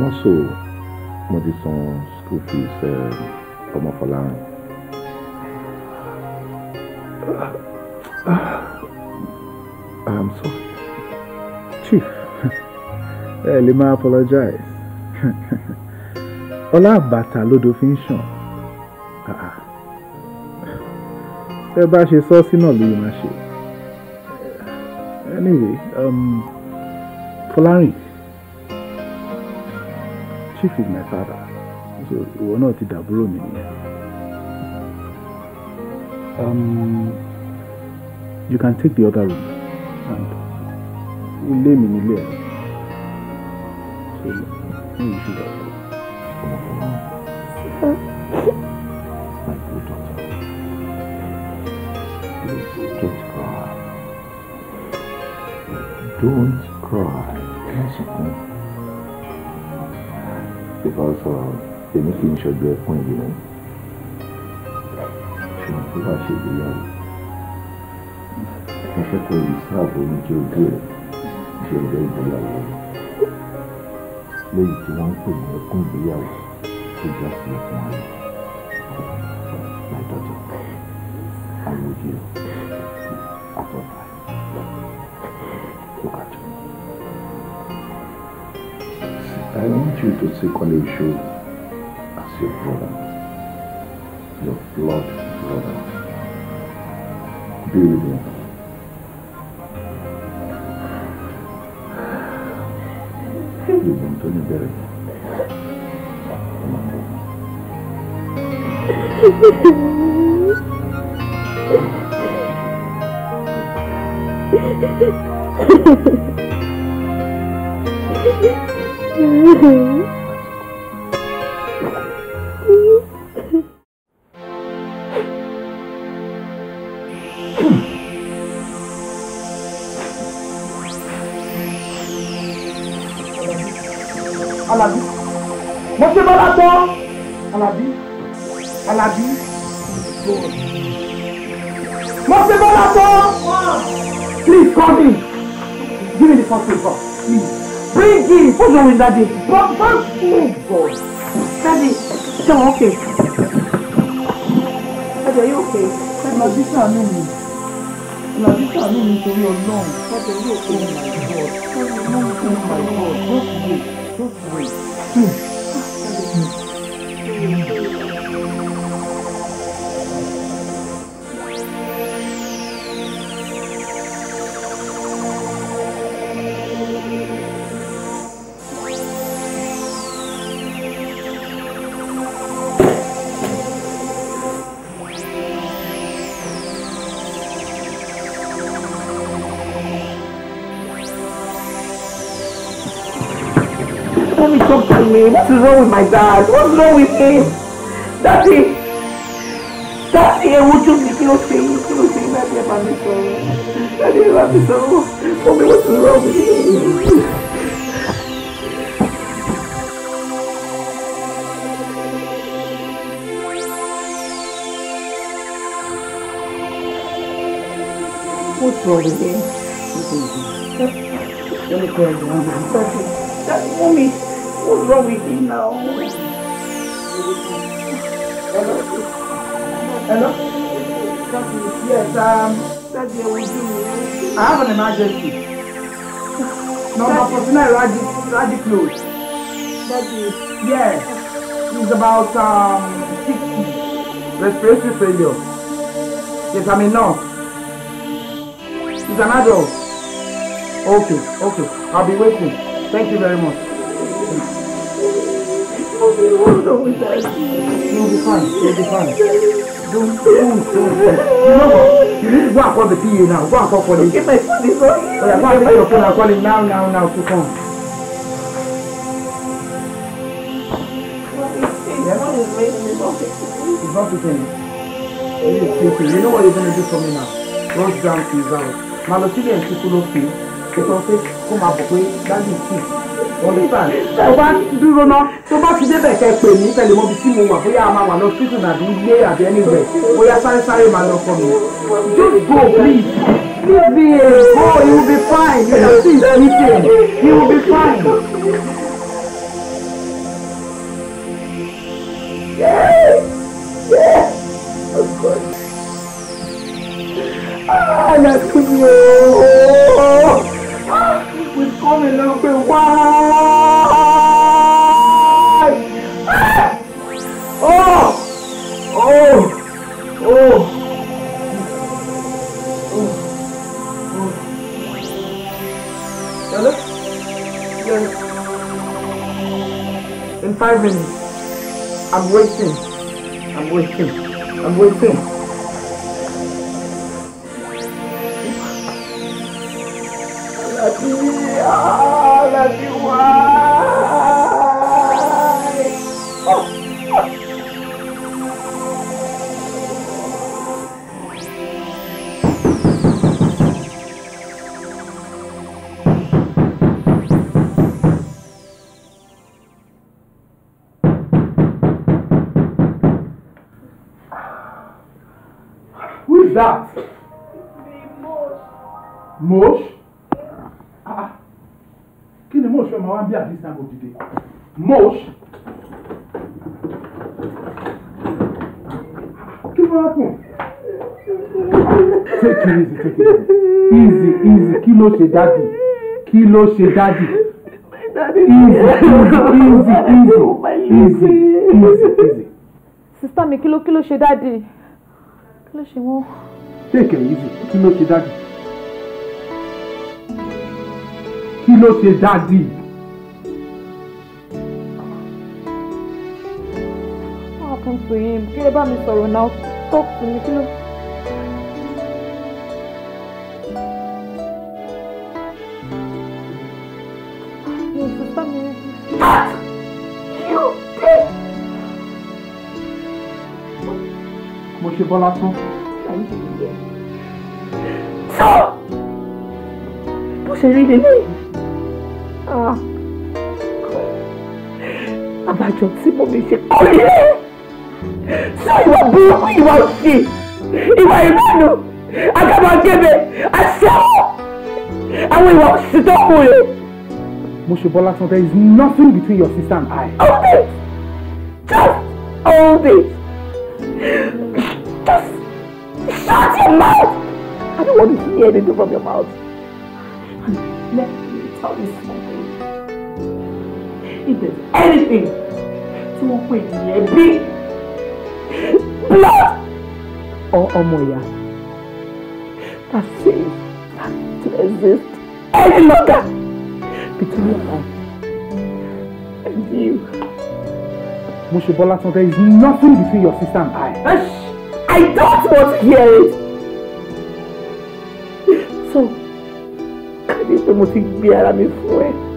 mọ́sọ̀ mo ti san school fees eh, ọmọ Fọlárin. I am sorry. Chief, ẹ apologize. Ola àbàtà lódò fi ń ṣàn. Ah. Ẹ bá ṣe sọ́ọ́sì náà ló yẹ máa Anyway, um, Fọlárìn, Chief is my father. So ìwọ náà ti dàbúrò mi nìyẹn. Um, you can take the other room. And lay me nílé ẹ̀. So, you know, should have. My good daughter, please don't cry. Don't cry. Because uh, they make him sure they're pointing. She wants to go out, young. Așa cum slavul încercă și îl dăm pe la urmă. Le ziceam pe mine cum viau cu geasele cu mani. Mai dia, Am ucit. Aproape. O Dar nu știu tot să-i colegiu a se vrora. Your blood brother. Beautiful. Antoni Beret. mm Àlàbí mo ṣe bọ́lá tán Àlàbí Àlàbí mo ṣe please come in give me the phone, paper please bring in put your that day? but but oh God daddy ṣe wọn okay ẹjọ yóò okay Àlàbí ṣàánú mi Àlàbí ṣàánú mi torí Ọlọ́run ẹjọ yóò okay my God oh my God just oh wait. tudo, tudo. What is wrong with my dad? What's wrong with him? That's it. That's it. Would you be closing? Closing that your family so. That your family so. Tell me what's wrong with him. What's wrong with him? Let me go and Mommy. What's wrong with me now? Hello? Hello? Yes, um, that's the will I have an emergency. Number 49 Radic, Radic Road. That's it. Yes. He's about um, 60. Respiratory failure. Yes, I mean no. He's an adult. Okay, okay. I'll be waiting. Thank you very much. You won't always ask You'll be fine. You'll be fine. Don't, don't, don't. You know what? You need to go and call the PA now. Go and call for this. Okay, my phone is on. Oh, yeah, go and call your phone and call now, now, now to come. Yeah? It's not fitting. It's fitting. You know what you're going to do for me now? Rush down to his house. Malotili and Chikulo King, they can come up, wait, that is it tó dúró náà tó bá fi débẹ̀ kẹ́ pè mí pẹ̀lú tí mo wà bóyá a máa wà lọ títù tàbí ilé àbí ẹni rẹ̀ bóyá sáré sáré máa lọ fọ mi. just go please you be a go you be fine you no see anything you be fine. Yeah, yeah, oh Ah, that's good. Oh, oh, oh. We've come a long way. Wow. I'm waiting. I'm waiting. I'm waiting. mo ah, ni mo ṣe ọmọ wa bí at this time of the day mo ah, kí ló happen. take it easy take it easy easy easy kí ló ṣe dádì kí ló ṣe dádì easy easy easy easy easy. Oh sista mi kí ló kí ló ṣe dádì kí ló ṣe wọ́n. take it easy kí ló ṣe dádì. kí ló ṣe dáàdì. what happen to him kí lè bá mi sọ̀rọ̀ talk to me kí ló. mo ṣe bọ́lá tán. bó ṣe rí lélẹ́yìn àbájọ ah. tí mo mi ṣe kọ́lé sọ ìwà burúkú ìwà òsì ìwà ìránu àgàbàgebè àṣẹwó àwọn ìwà òsì tó kù rè. mo ṣe bọ́lá sọ there is nothing between your sister and I. hold it just hold it just shut your mouth I don't want to hear anything from your mouth let me tell you something if there's anything to wọ́n pè ní ẹbí blood or ọmọ ìyá that says to exist any longer between your life and you. Moshe Bolaton, there is nothing between your sister and I. I don't want to hear it. So, can you mo ti gbé ara mi fún ẹ.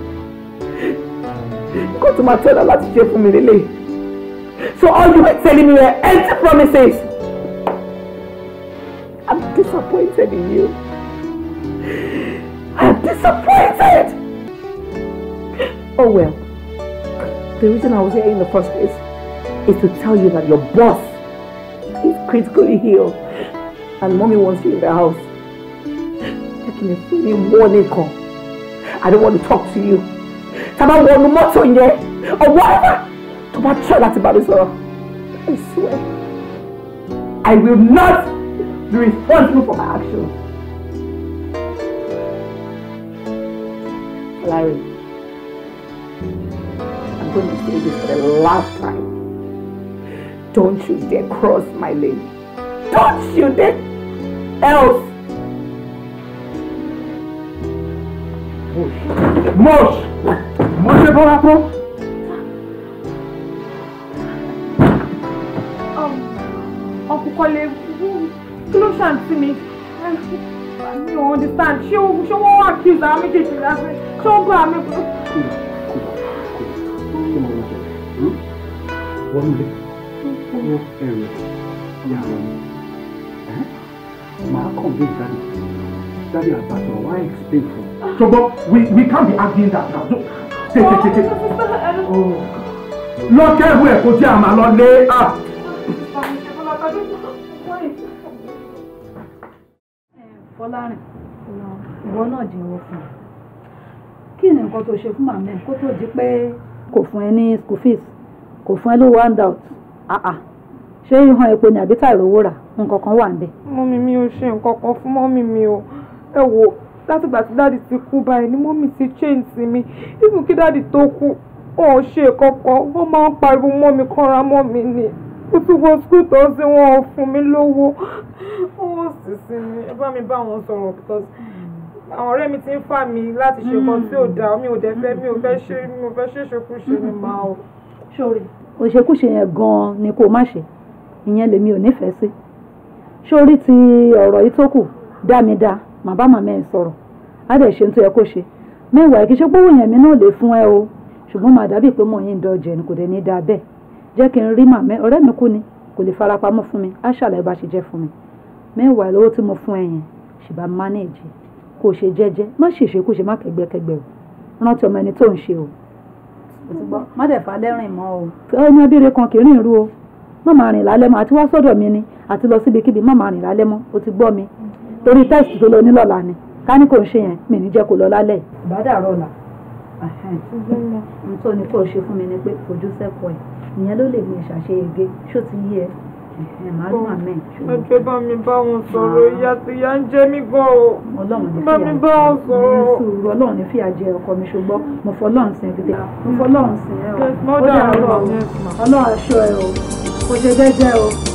Go tó máa let láti ṣe for me Lily. so all you were telling me were empty promises I'm disappointed in you I'm disappointed oh well the reason I was here in the first place is to tell you that your boss is critically ill and mommy wants you in the house. Taking a morning call. I don't want to talk to you tá bá wọnú mọ́tò yẹn ọwọ́ ẹ̀fà tó bá tẹ̀ láti bá mi I swear I will not be responsible for my actions. Larry, I'm going to say this for the last time. Don't you dare cross my lane. Don't you dare else. Mush. Mush. mo ṣe bọ́ra fún. ọkùnkọ́lé kí ló ṣàǹtí mi mi ò understand ṣé ṣé wọ́n wá kí ìgbà méjèèjì láti ṣé ó gbà mí. wọ́n lé wọ́n ẹ̀rọ yàrá mi màá kàn dé ìdáni dábìá bàtọ̀ wá explain fún. ṣùgbọ́n we we can't be arguing that now lọ́kẹ́rù ẹ̀ kó tí a máa lọ lé à. fọlárin ìwọ náà jẹ́wọ́ fún un kí ni nǹkan tó ṣe fún màmá ẹ̀ kó tó di pé kò fún ẹ ní school fees kò fún ẹ lówó handout ṣé ìhàn epo ni àbí tàìrówó rà nǹkan kan wà ń bẹ. mọ́mí mi ò ṣe nǹkan kan fún mọ́mí mi o ẹ wo látìgbà tí dáàdì ti kú báyìí ni mọ́mì ti change sí mi even kí dáàdì tó kú wọn ò ṣe kankan wọ́n máa ń pariwo mọ́ mi kọ́ra mọ́ mi ni ó tún wọ skul tó ń sin wọn ò fún mi lówó owó sì sí mi ẹ bá mi bá wọn sọ̀rọ̀ because àwọn ọ̀rẹ́ mi ti ń fà mí láti ṣe kan tí ò hmm. dáa mi ò dẹ̀ fẹ́ mi ò fẹ́ ṣe mi ò fẹ́ ṣe ṣekúṣe ni màá o. sori òṣekúṣe yẹn gan-an ni kò má ṣe ìyẹn lèmi ò nífẹ̀ẹ́ sí sórí ti ọ̀rọ̀ yìí tó kù dá mi dá màá bá màmá ẹ̀ sọ̀rọ̀ á dẹ̀ ṣe tó yẹ kó ṣe mẹ́wàá ẹ̀ kì í ṣe gbówó yẹn mi náà lè fún ẹ o ṣùgbọ́n màá dàbí pé mò ń yín dọ̀jẹ̀ ni kò dẹ̀ ní dáa bẹ́ẹ̀ jẹ́ kí n rí màmá ọ̀rẹ́ mi kú ni kò lè farapamọ́ fún mi á ṣàlàyé bá ṣe jẹ́ fún mi mẹ́wàá lówó tí mo fún ẹ yẹn ṣùgbọ́n manage e. kò ṣe jẹ́jẹ́ má ṣèṣe kó ṣe má kẹ́gbẹ́kẹ́gbẹ́ o rántí ọmọ ẹni tó ń ṣe o má dẹ̀ fà lẹ́rìn mọ́ o. ẹni abẹ́rẹ́ kan o má máa rìn lálẹ́ mọ́ àti wá sọ́dọ̀ mi ni àti lọ síbikíbi má máa rìn lálẹ́ o ti gbọ́ mi torí tẹ́sítì tó lọ ní lọ́la ni ká ní kò ń ṣe yẹn mi ní jẹ́ kó lọ lálẹ́. ìbádàrọ̀ ọ̀la ntọ́ ni kò ṣe fún mi ni pé fojú sẹ́kọ̀ọ́ ẹ̀ ìyẹn ló lè mi ṣàṣeyege ṣó ti yí ẹ ẹjọ́ bá mi bá wọn sọ̀rọ̀ ìyá tí ìyá ń jẹ mí gan o bá mi bá wọn sọ̀rọ̀. sùúrù ọlọ́run ní fìyà jẹ ọkọ mi ṣùgbọ́n mo fọlọ́run sìn ẹ̀kẹ́tẹ́ mo fọlọ́run sìn ẹ̀ o ó dàrọ̀ ọlọ́run aṣọ ẹ̀ o kò ṣe jẹ́jẹ́ o.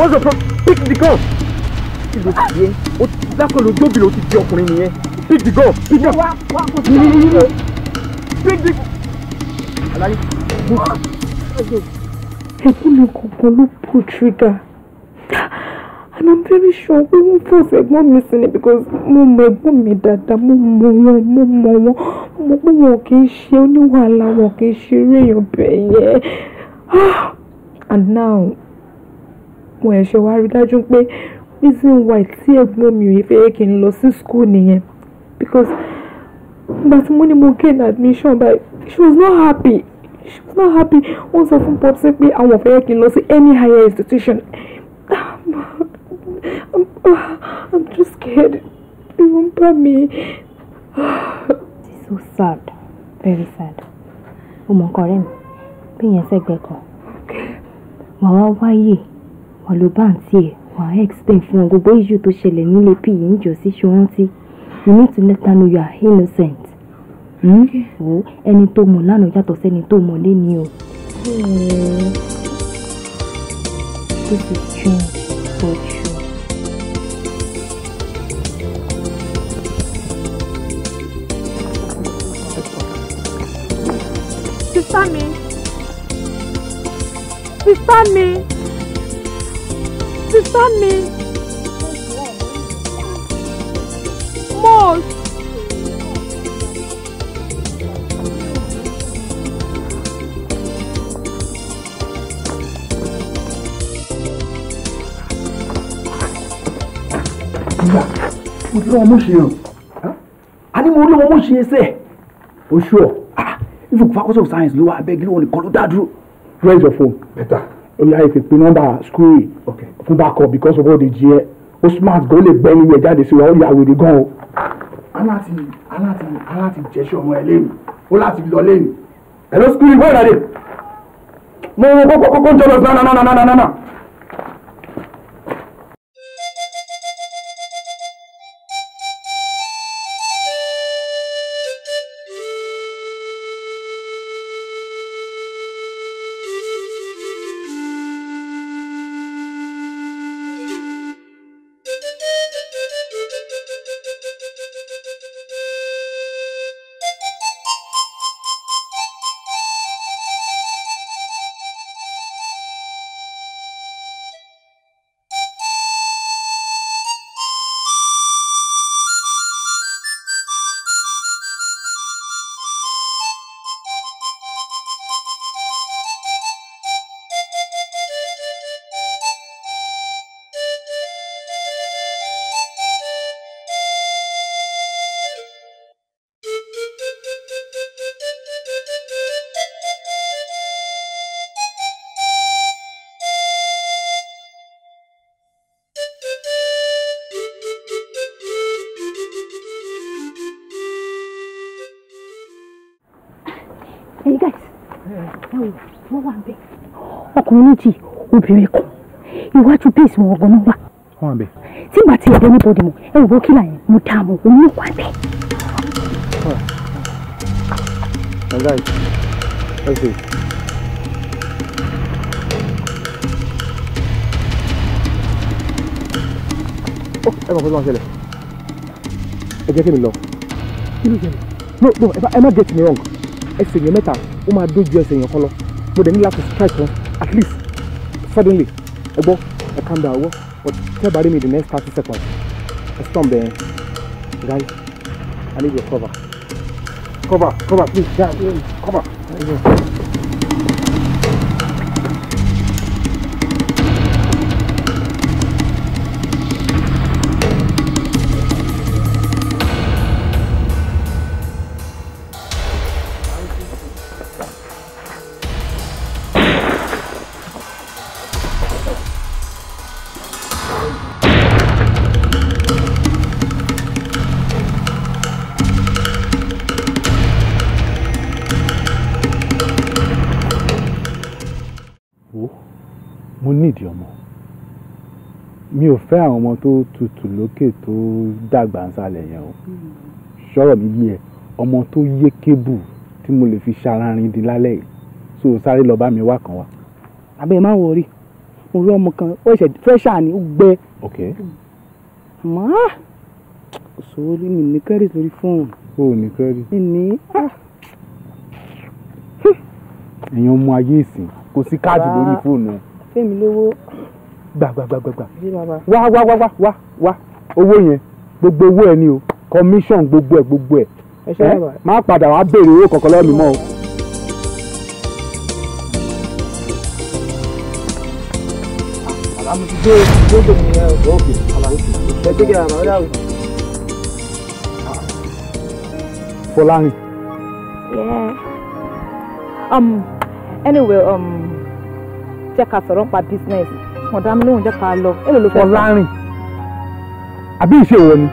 what's the problem pick the gun kí ló ti yé o ti lákọ̀ lójú òbí ló ti di ọkùnrin nìyẹn pick the gun pick up pick the alaye move. ẹ̀gbọ́n mi kankan ló pull trigger and i'm very sure pé wọ́n force ẹ̀gbọ́n mi sí ni because mo mọ ẹ̀gbọ́n mi dáadáa mo mọ wọn mo mọ wọn mo pé wọn kì í ṣe oníwàhálà wọn kì í ṣe eré èèyàn bẹ́ẹ̀ yẹn ah! and now mo ẹ̀ṣẹ̀ wá rí dájú pé reason why tí ẹ̀gbọ́n mi ò yẹ fẹ́ kí n lọ sí school nìyẹn because ìgbà tí mo ní mo gain admission by she was not happy she was not happy wọ́n sọ fún popsi pé àwọn ò fẹ́ kí n lọ sí any higher institution I'm, I'm too scared remember me. so sad very sad ọmọ ọkọ rẹ mi bí yẹn sẹgbẹ kan wàá wá wáyé wọn ló bá àǹtí ẹ̀ wọ́n á explain fún wọn gbogbo issue tó ṣẹlẹ̀ nílé pí yìí níjọ́sí ṣe rántí you need to let her know you are innocent hmm? wo ẹni tó mọ̀ lánàá yàtọ̀ sẹ́ni tó mọ̀ lé ni o. Hmm. this is true for Sister me. Sister me sísá mi. Mọ́ọ̀sì. ìyá mo ti lọ́wọ́ mo ṣe o a ní mo lọ́wọ́ mo ṣe é sẹ́ẹ̀ o ṣùọ́ ah if you focus on science ló wà abẹ́gilé wọn nìkan ló dá dúró raise your phone. better orí ayé ti pe nọ́mbà school yìí fún backup because of all the jẹ ó smart gan ó lè gbẹ́ níwẹ̀ jáde sí wa ó yà wèrè gan o. aláti aláti aláti jẹ́sẹ̀ ọmọ ẹ lẹ́nu ó láti lọ lẹ́nu ẹ̀rọ school yìí wọ́n ìrọ̀lẹ́ mo kókó kókó ń jọ lọ sí náà náà náà náà náà. wà bẹ́ẹ̀ ọkùnrin méjì obìnrin kan iwájú bẹ́ẹ̀sì wọn ọ̀gọ́ náà wà. wọ́n wà bẹ́ẹ̀. tí màá ti ẹ̀dẹ́ níbodè mọ̀ ẹ wò ó kí làyẹn mo dá mọ̀ òun náà wà bẹ́ẹ̀. ọ̀gá yìí ọ̀sẹ̀ yìí. ẹ mọ̀ fún wọn ṣẹlẹ̀ ẹ jẹ́ kí mi lọ kí ló ṣẹlẹ̀ no no ẹ má get me wrong ẹsẹ̀ yẹn mẹ́ta ó máa dójú ẹsẹ̀ yẹn kọ́ lọ they dẹ̀ have to strike wọn at least suddenly a gbọ́ ẹ calm down ọwọ́ but tẹ́ bá rí the next thirty seconds ẹ storm there. guy I need your cover cover cover please guy cover. nídìí ọmọ mi ò fẹ́ àwọn ọmọ tó tutù lókè tó dàgbà nsàlẹ̀ yẹn o sọ̀rọ̀ mi yí ẹ ọmọ tó yé kébù tí mo lè fi ṣararin di lálẹ́ yìí so sáré lọ bá mi wá kan wá. àbẹ ẹ má wọrí mo rí ọmọ kan ó ṣe fẹ́ṣà ni ó gbẹ. ok. àmọ́ kò sówó rí mi ní credit lórí fóònù. o ò ní credit. ìní. èèyàn mú ayé ìsìn kò sí káàdì lórí fóònù fẹ́mi lówó gbàgbàgbàgbà wá wá wá wá wá owó yẹn gbogbo owó ẹ ni o commission gbogbo ẹ gbogbo ẹ má padà wá béèrè owó kọ̀ọ̀kan lọ́wọ́ mi mọ́ o. àmì ti dé gbogbo ìyẹn ọ̀gbọ́n òkè àlàyé ẹ̀ tó kí àmà ọ̀dà wò. Fọlárin. Yeah. Um, anyway, um, jẹ́ ká sọ̀rọ̀ nípa business wọn dá mi lóhùn jẹ́ ká lọ èlò ló fẹ́ sọ. ọlárìn àbí ìṣe ìwọ ni.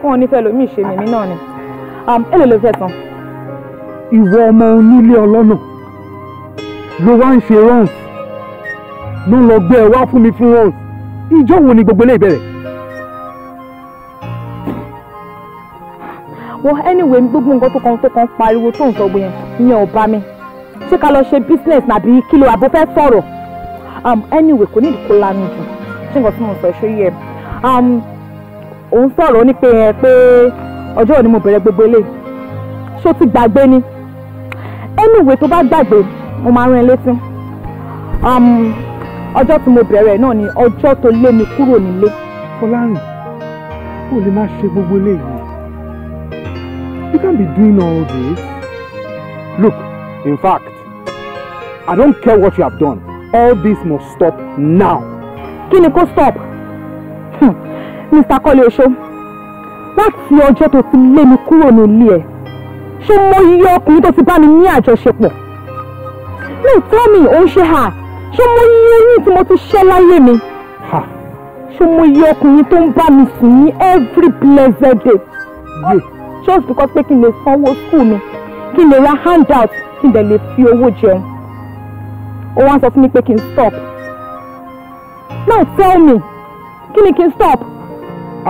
wọn ò ní fẹ́ lómi ìṣe mèmí náà ni um, èlò ló fẹ́ san. ìwọ ọmọ onílé ọlọ́nà ló wá ń ṣe runs ló ń lọ gbé ẹ wá fún mi fún runs ìjọ wo ni gbogbo eléyìí bẹ̀rẹ̀. wọ anyway gbogbo nǹkan tó kan tó kan pariwo tó ń sọ gbìyànjú ìyẹn ò bá mi ṣé ká lọ ṣe business nàbí kí ló àbò fẹ́ sọ̀rọ̀ um, anyway kò ní ìdíkó lanu jù ṣé nǹkan tí mo sọ ṣé yẹ um, òun sọ̀rọ̀ ó ní pé ẹ pé ọjọ́ òní mo bẹ̀rẹ̀ gbogbo eléyìí ṣó ti gbàgbé ni anyway tó bá gbàgbé mo máa rán ẹ létí um, ọjọ́ tí mo bẹ̀rẹ̀ náà ni ọjọ́ tó lé mi kúrò nílé. Fọlárìn kò lè má ṣe gbogbo eléyìí you can't be doing all this look In fact, I don't care what you have done. All this must stop now. Kí ni kó stop? Mr. Kọ́lé What's your job to let me mi on here? ẹ̀, ṣé mo yí ọkùnrin tó ti bá mi ní àjọṣepọ̀? Lóòótọ́ mi, òun ṣe hà, ṣé mo yí ni to motu ti ṣẹ́ me. Ha. Ṣé mo yí ọkùnrin to ń bá mi every blessed day? Just because taking kí phone was cool me kí n lè ra handout kí n dẹ̀ lè fi owó jẹun ó wá ń sọ fún mi pé kí n stop now tell me kí ni kí n stop.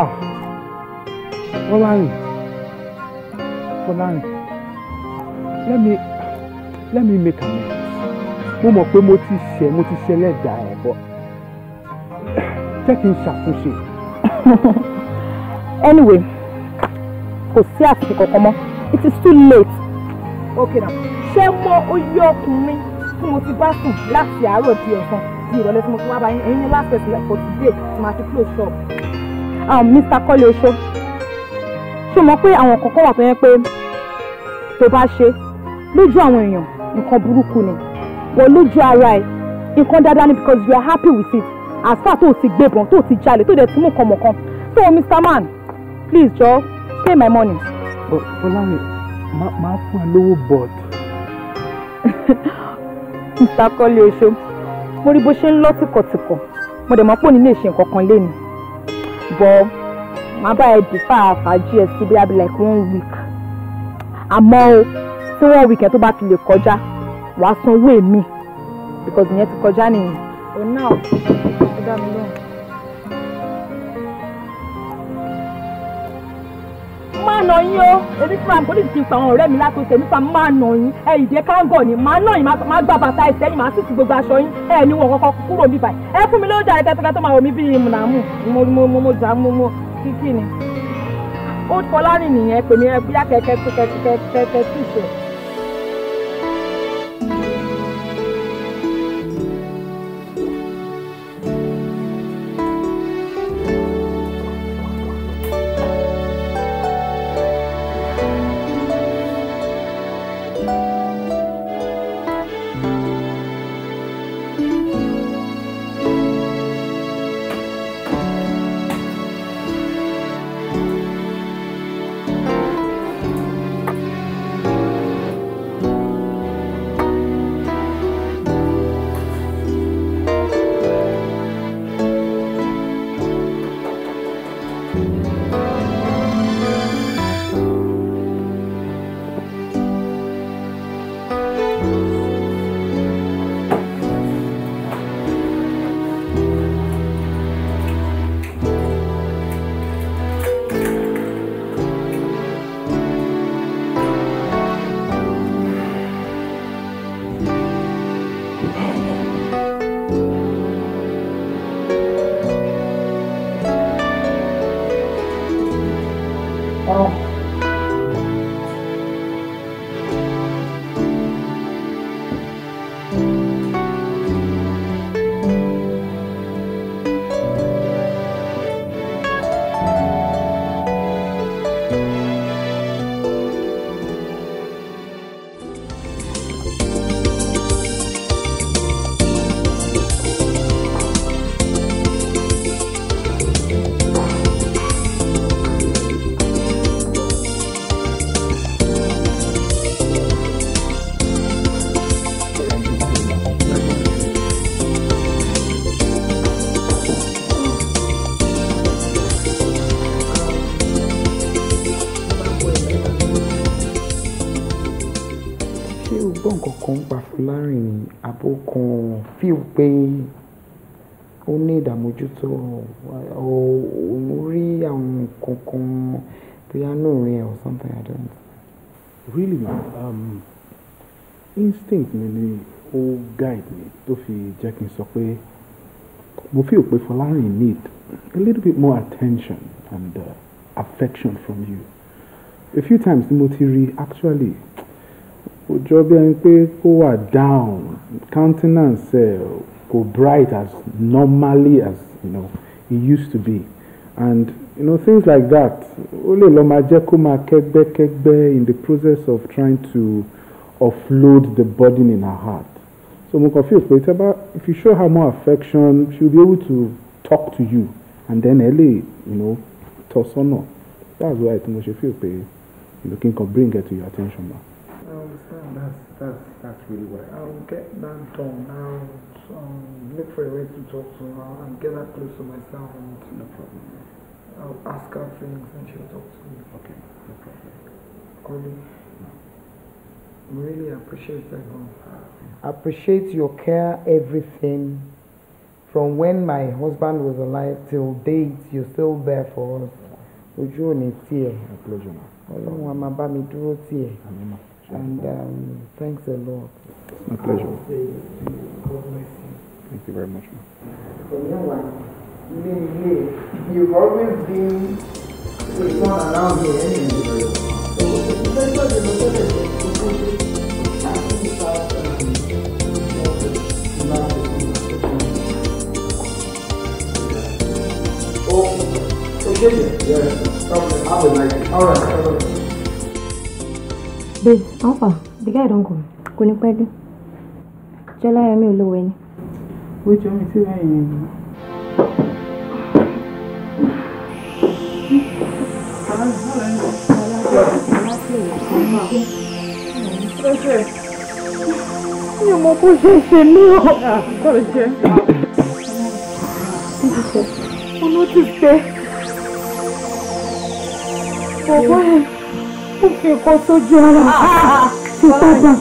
ah fọláyìn fọláyìn let me let me make amends mo mọ̀ pé mo ti ṣẹ̀ mo ti ṣẹ̀ lẹ́dàá ẹ̀ bọ́ jẹ́ kí n ṣàtúnṣe. anyway kò sí àtúnṣe kankan mọ́ it is too late okay now ṣé mọ oyè ọkùnrin tí mo ti bá sùn láti àárọ̀ di ọ̀sán di ìrọ̀lẹ́ tí mo ti wá bá yín ní last person for today máa ti close shop. Ah, Mr. Kọ́lé Oṣó ṣé o mọ̀ pé àwọn kọ̀ọ̀kan wà tó yẹ pé tó bá ṣe lójú àwọn èèyàn nǹkan burúkú ni wọ́n lójú ara ẹ̀ nǹkan dáadáa ni because you are happy with it as far tó o ti gbébọn tó o ti jalè tó o dẹ̀ ti mú nǹkan so Mr. Man please jọ pay my money. Bọ́lá mi máa fún ẹ lówó bọ̀t. mr kọ́lé oṣó mo rí bó ṣe ń lọ tìkọ̀tìkọ̀ mo dẹ̀ mọ́ pò ní lè ṣe nǹkan kan léni bọ́ máa bá ẹ dì fáàfà gsc bí i like one week àmọ́ o tí one week ẹ tó bá ti lè kọjá wàá sanwó èmi because ìyẹn ti kọjá nìyẹn. òun náà ẹ dá mi lóhùn. máa nà yín o èmi fúnra mi polisi ti pa àwọn ọ̀rẹ́ mi látòsí èmi fúnra mi máa nà yín ẹ ìdè káńgọ̀ ni màá nà yín màá gba bàtà ẹsẹ̀ yín màá sì ti gbogbo aṣọ yín ẹ ní wọn kọ́kọ́ kúrò mi báyìí ẹ fún mi lóúnjẹ àrẹ́kẹ́tẹ́kẹ́ tó máa wọ mí bíi mùnàmù mo mo mo jà mo mo kíkì ni. ó fọlárìn nìyẹn pèmí ẹ bóyá kẹ̀kẹ́ kẹ̀kẹ́ kẹ̀kẹ́ kẹ̀kẹ́ kan pa Fọlárìn àbó kan fíìl pé ó ní ìdààmójútó òun rí àwọn nǹkan kan bóyá náà rìn or something I don't know. Really, um, instinct mi ni ó guide mi tó fi jẹ́ kí n sọ pé mo feel pé Fọlárìn need a little bit more attention and uh, affection from you. A few times ni mo ti rí actually kò jọ bí ẹni pé kó wà down countenance ẹ̀ kò bright as normally as you know, it used to be and you know, things like that ó lè lọ máa jẹ́ kó máa kẹ́gbẹ́kẹ́gbẹ́ in the process of trying to offload the burden in her heart so mo kàn feel pé tẹ́bá if you show her more affection she will be able to talk to you and then ẹ lè you know, tọ́ sọ́nà that's why mo ṣe feel pé you know, kí bring her to your attention ma. that's that's really what I. I'll get that done. I'll um, look for a way to talk to her and get her close to myself and. No problem. I'll ask her things and she'll talk to me. Okay, no problem. Ollie, no. really appreciate that one. Appreciate your care, everything. From when my husband was alive till date, you're still there for us. Ojú ò ní tiẹ̀. Ọlọ́run a máa bá mi dúró tiẹ̀. Àmín. And um, thanks a lot. It's my pleasure. God bless you. Thank you very much. You've always been the one around here Oh, okay. Yeah. Have a nice. Babe, how far? The guy don't come. Kò ní pẹ́ dé. Jọláyọ̀mí olówó ẹni. Ojú omi tí wọ́n yẹn ni. Mi ò mọ bó ṣe ṣe mí o. Bọ́lá jẹ́. Olú ti fẹ́. Bàbá ẹ̀ ó fi nǹkan sójú ara ti padà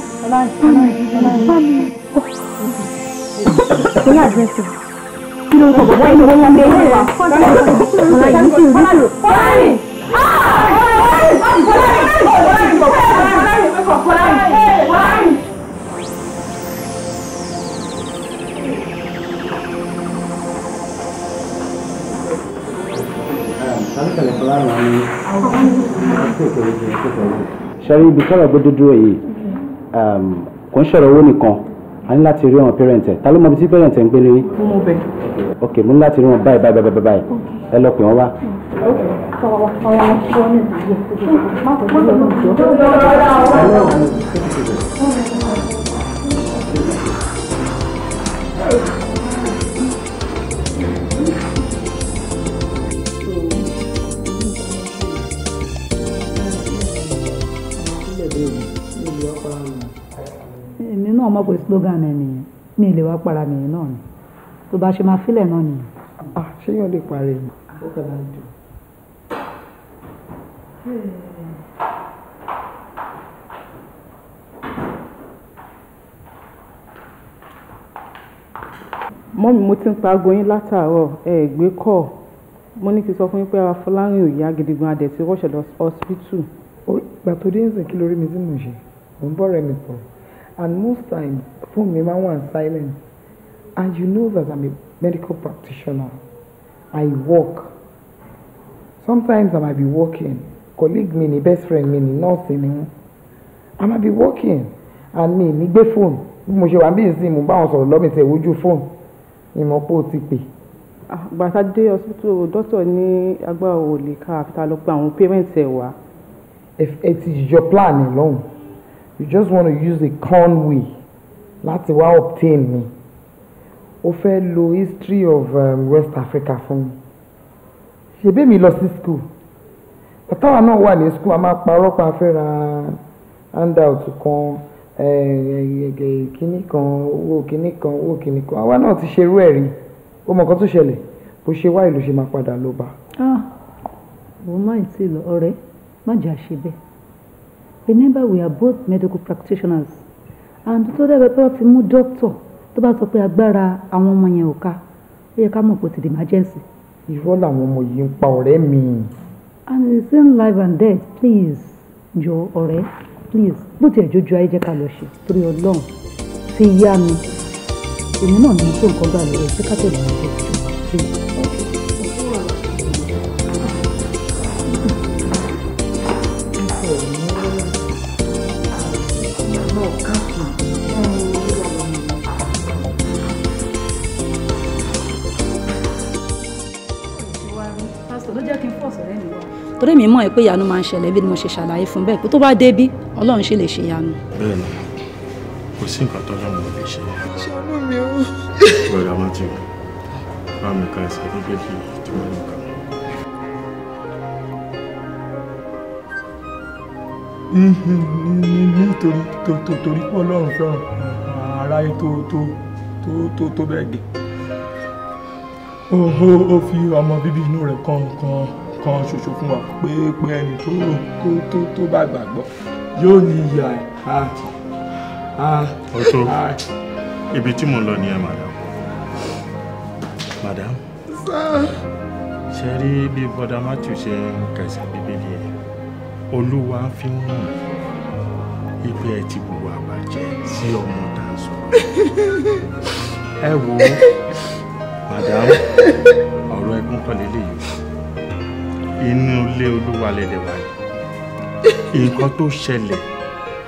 sórí àdírẹ́sì kí ló ń kọ̀ bọ̀bọ̀ ìlú wọn lé ìwà ọ̀la ìlú sí ìlú sí. Fọláyìn! Fọláyìn! Fọláyìn! Fọláyìn! Fọláyìn! ṣẹ́rí ibi kọ́rọ̀ gbé dúdú èyí um, kò ń ṣọ̀rọ̀ owó nìkan a ní láti rí àwọn parent ẹ̀ ta ló mọ ibi tí parent ẹ̀ ń gbé ní. ok mo ní láti rí wọn báyìí báyìí báyìí báyìí ẹ lọ pè wọ́n wá. ok. náà mọ̀ pé slogan ẹ̀ nìyẹn mi lè wá para mi náà ni tó bá ṣe máa fílẹ̀ náà nìyẹn. ṣé yóò lè parí ni. ó kàn mo ti ń pa aago yín látàárọ̀ ẹ ẹ̀ gbé kọ́ mo ní kí n sọ fún yín pé ara fọlárin ò yá adẹ̀ tí rọ́ṣẹ̀ lọ hospital. ìgbà tó dé ń sìn kí lórí mi tí mò ṣe mò ń bọ̀ rẹ̀ mi pọ̀ and most times phone mi one ń silent and you know that i'm a medical practitioner i work sometimes i might be working colleague mi ni best friend mi ni nurse ni i might be working and me, ní gbé phone bí mo ṣe wà bí ìsìn mo bá wọn sọ̀rọ̀ lọ́mìí tẹ̀ wojú phone ìmọ̀ pé o ti pè. àgbàtà ah, hospital doctor ní agbára òòlì ká àfitá lọ gba àwọn parents ẹ̀ wá. ẹ ti jọ plan alone you just want to use a con way láti wá obtain me. o fẹ́ lo history of um, West Africa fún mi ṣebí mi lọ sí school bàtàwà náà wà ní school a máa parọ́ pa fẹ́ra handout kan kínní kan owó kínní kan owó kínní kan àwa náà ti ṣerú ẹ̀ rí ó mọ̀ nǹkan tó ṣẹlẹ̀ bó ṣe wá ìlú ṣe máa padà ló bá. ah òun máa ń tì lọ ọ̀rẹ́ má jà ṣe bẹ́ẹ̀ remember we are both medical practitioners and tó dẹ̀ pé wọ́n ti mú dókítọ̀ tó bá sọ pé agbára àwọn ọmọ yẹn ò ká ó yẹ ká mọ̀ pé ó ti di emergency. irọ́ làwọn ọmọ yìí ń pa ọ̀rẹ́ mi. and it's in life and death please jọ ọ̀rẹ́ please bó tiẹ̀ jójú ayé jẹ́ ká lọ ṣe torí ọlọ́run ti yá mi èmi náà ní kó nǹkan gbà lórí ẹ̀ ṣé ká tẹ̀lé ọjọ́ ìjọba ṣe. torí mi mọ̀ ẹ́ pé ìyanu máa ń ṣẹlẹ̀ bí mo ṣe ṣàlàyé fún bẹ́ẹ̀ pé tó bá débí ọlọ́run ṣe lè ṣe ìyanu. bẹ́ẹ̀ni kò sí nǹkan tó lọ́run lè ṣe. ṣàánú mi o. bọ̀dà martin bá mi ka ẹsẹ̀ kékeré tí wọ́n lò kà. nítorí torí pé ọlọ́run fẹ́ràn aráyé tó tó tó tó tó bẹ́ẹ̀ gẹ̀ ó fi ọmọ bíbí inú rẹ̀ kan kan kan ṣoṣo fún wa pé pé ẹni tó tó tó tó bá gbàgbọ́ yóò ní ìyá ẹ̀ á á ọ̀tọ̀ ibi tí mò ń lọ nìyẹn madam madam ṣe rí bí bọ́dà matthew ṣe ń kẹsà bíbélì ẹ̀ olúwa fi ń hàn ibi ẹ̀ ti wùwà bàjẹ́ sí ọmọ tá a sọ ẹ wò ó madam ọ̀rọ̀ ẹ̀gbọ́n kan lélẹ́yìí inú ilé olúwa lẹ́dẹ̀ wáyé nǹkan tó ṣẹlẹ̀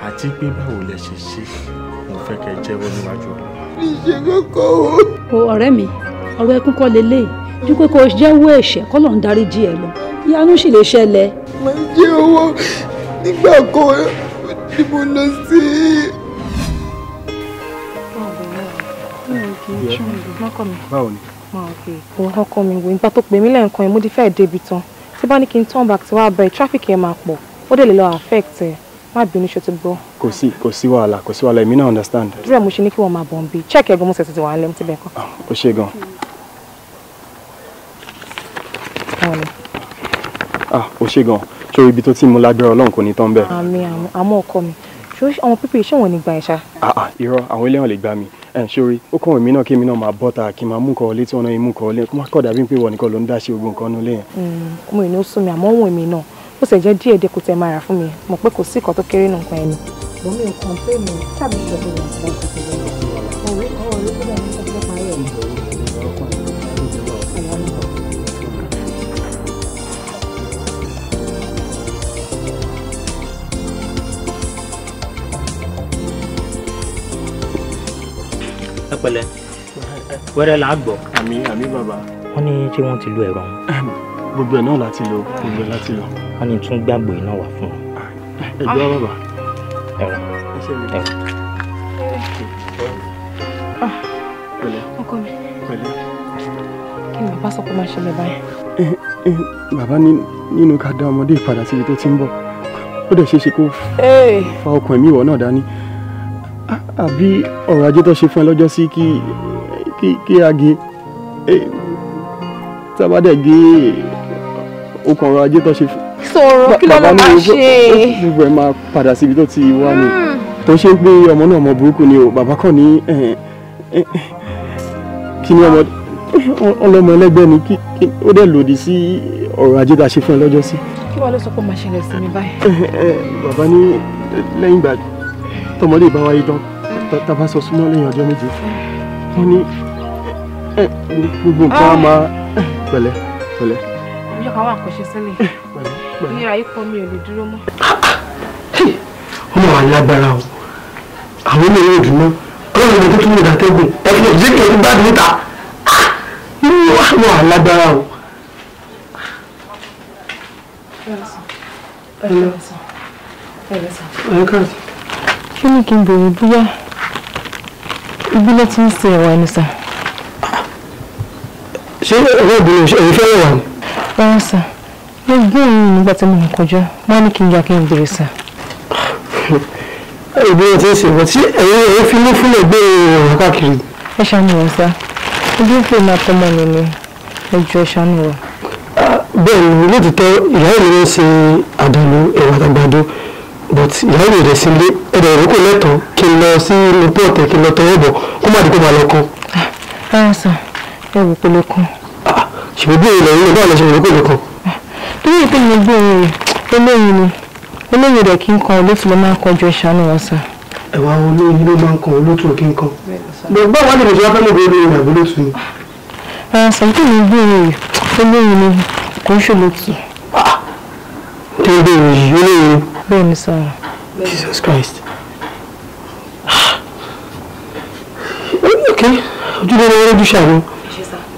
àti pé báwo lẹ ṣe ṣe mo fẹ́ kẹ́ jẹ́wọ́ níwájú ọ̀la. mi ṣe kókó o. o ọ̀rẹ́ mi ọ̀rọ̀ ẹkún kọ́ lélẹ̀ ju pé kó jẹ́wọ́ ẹ̀ṣẹ̀ kọ́ lọ́n dáríjì ẹ̀ lọ ìyanu sì lè ṣẹlẹ̀. mo ń jẹ owó nígbà kan ni mo lọ sí. báwo ni. ọkọ mi wo ìgbà tó pè mí lẹ́ẹ̀kan yẹn mo ti fẹ́ẹ́ débi tán tí bá ní kí n turn back tí wàá bẹ̀rẹ̀ traffic yẹn máa pọ̀ ó dẹ̀ lè lọ affect ẹ̀ má bínú ṣe ti gbọ́. kò sí kò sí wàhálà kò sí wàhálà èmi náà understand. dúró mo ṣe ní kí wọ́n máa bọ̀ ń bí check ẹ̀gbọ́n mo ṣe ti wà á lẹ́mu ti bẹ̀ kọ́. Ah, ó ṣe gan. Ah, ó ṣe gan sórí ibi tó ti mú lágbára ọlọ́run kò ní tán bẹ́ẹ̀. àmì àmọ́ ọkọ mi ṣé ọmọ pípé iṣẹ́ wọn ò ní gbà ẹ̀ ah, irọ́ àwọn ilé lè gbà mí ẹ̀ eh, ṣorí ó kàn mí náà kí mi náà máa bọ́ta kí n máa mú nǹkan wọlé tí wọ́n náà yín mú nǹkan wọlé kó má kọ̀ dàbí pé ìwọ nìkan ló ń dá ṣe gbogbo nǹkan nulẹ̀ yẹn. Mm, mo ì ní ó sún mi àmọ́ òun èmi náà ó sì jẹ́ díẹ̀ díẹ̀ kò tẹ máa rà fún mi mọ̀ pé kò sí ìkan tó kéré nù nǹkan ẹni. mo mi pé mi tàbí ìṣòro ìwà ìṣòro ìwà ìṣòro ìwà ìṣòro ìwà ìṣòro pẹ̀lẹ́ wẹ́rẹ́ là á gbọ́. àmín àmín bàbá. wọ́n ní tí wọ́n ti lo ẹ̀rọ wọn. gbogbo ẹ̀ náà láti lo gbogbo ẹ̀ láti lo. wọ́n ní tún gbàgbọ́ iná wà fún un. ẹ̀gbọ́n bàbá. ẹ̀rọ ẹ̀rọ. Ah, pẹ̀lẹ́ ọkọ mi. pẹ̀lẹ́. kí ni bàbá sọ pé máa ṣẹlẹ̀ báyìí. Eh, eh, bàbá nínú ká dá ọmọdé padà síbi tó ti ń bọ̀ ó dẹ̀ ṣeé ṣe kó eh. fa ọkàn ẹ̀mí ìwọ náà dání àbí ọ̀rọ̀ ajé tó ṣe fún ẹ lọ́jọ́ sí kí kí kí a gé tábàdẹ̀ gé okùn ọ̀rọ̀ ajé tó ṣe fún. sọ̀rọ̀ kí ló ló máa ṣe. gbogbo ẹ máa padà síbi tó ti wá ni hmm. tó ṣe ń pé ọmọ náà ọmọ burúkú ni o bàbá kàn ní kí ni ọmọ ọlọmọ ẹlẹgbẹ́ ni ó dẹ̀ lòdì sí ọ̀rọ̀ ajé tá a ṣe fún ẹ lọ́jọ́ sí. kí wàá ló sọ pé màá ṣẹlẹ̀ sí mi báyìí. bàbá ní lẹ́yìn ìgbà tọmọdé ìbáwáyé tán tàbá sọ súná lẹ́yìn ọjọ́ méje wọ́n ní gbogbo nǹkan á ah! máa pẹ̀lẹ́ pẹ̀lẹ́. ọjọ́ kan wà kò ṣe sílẹ̀ ìlera yìí pọ̀ mi ò lè dúró mọ́. ọmọ wa lágbára o àwọn ènìyàn ò dùn mọ́ ọlọ́run ọdún tó ń gbà tẹ́gùn ẹ̀fọ́ jíkì ẹ̀fọ́ bá dùn ta ọmọ wa lágbára o. kí ni kí n bèrè bóyá ibi ló ti ń ṣe ẹ̀wà ẹni sà. ṣé ọ̀rẹ́ ìbí ẹ̀yìn fẹ́ ẹ̀wà ni. ẹ̀wọ̀n sà mo gbé òun nígbà tí mo kọjá wọ́n ní kí n ya kí n bèrè sà. ìbéèrè tí ń ṣe ìwọ̀n tí ẹ̀yìn ẹ̀yìn fi ní fúnlẹ̀ gbé ìrọ̀rùn káàkiri. ẹ ṣàánú wọn sá ojú ìfẹ́ máa tọ́ mọ́ mi ni ẹ ṣàánú wọn. bẹ́ẹ̀ ni lóòótọ́ ìyá ìlú ń ṣe àdàlù ẹ̀wà àtàgbàdo but ìyáwó rẹ̀ sí ilé ẹ̀rọ ìrókò lẹ́tọ̀ọ́ kí n lọ sí nípò ọ̀tẹ̀ kí n lọ tọwọ́ bọ̀ kó má dìgbò máa lọ kún. ẹ ah, ẹ sàn ẹ wò pé ló kún. Ah, ṣùgbọ́n bí ìlọ yìí ló bá lọ ṣe ìlú pé ló kún. torí ìpín mi gbé òun olóyin ni olóyin rẹ̀ kí n kan olótù ló máa ń kọjú ẹ̀ṣà náà wọ́n sà. ẹ̀wà olóyin ló máa ń kan olótù kí n kan. gbogbo àwọn àlejò wa fẹ́ lè bẹ̀rẹ̀ olóyin àbí olótù ni. ẹ sàn kí mi gbé òun olóyin ni kò ń ṣòlótù. Ah, kí n gbé bẹ́ẹ̀ ni Jesus Christ okay ojúlé ni ojú ṣàwọn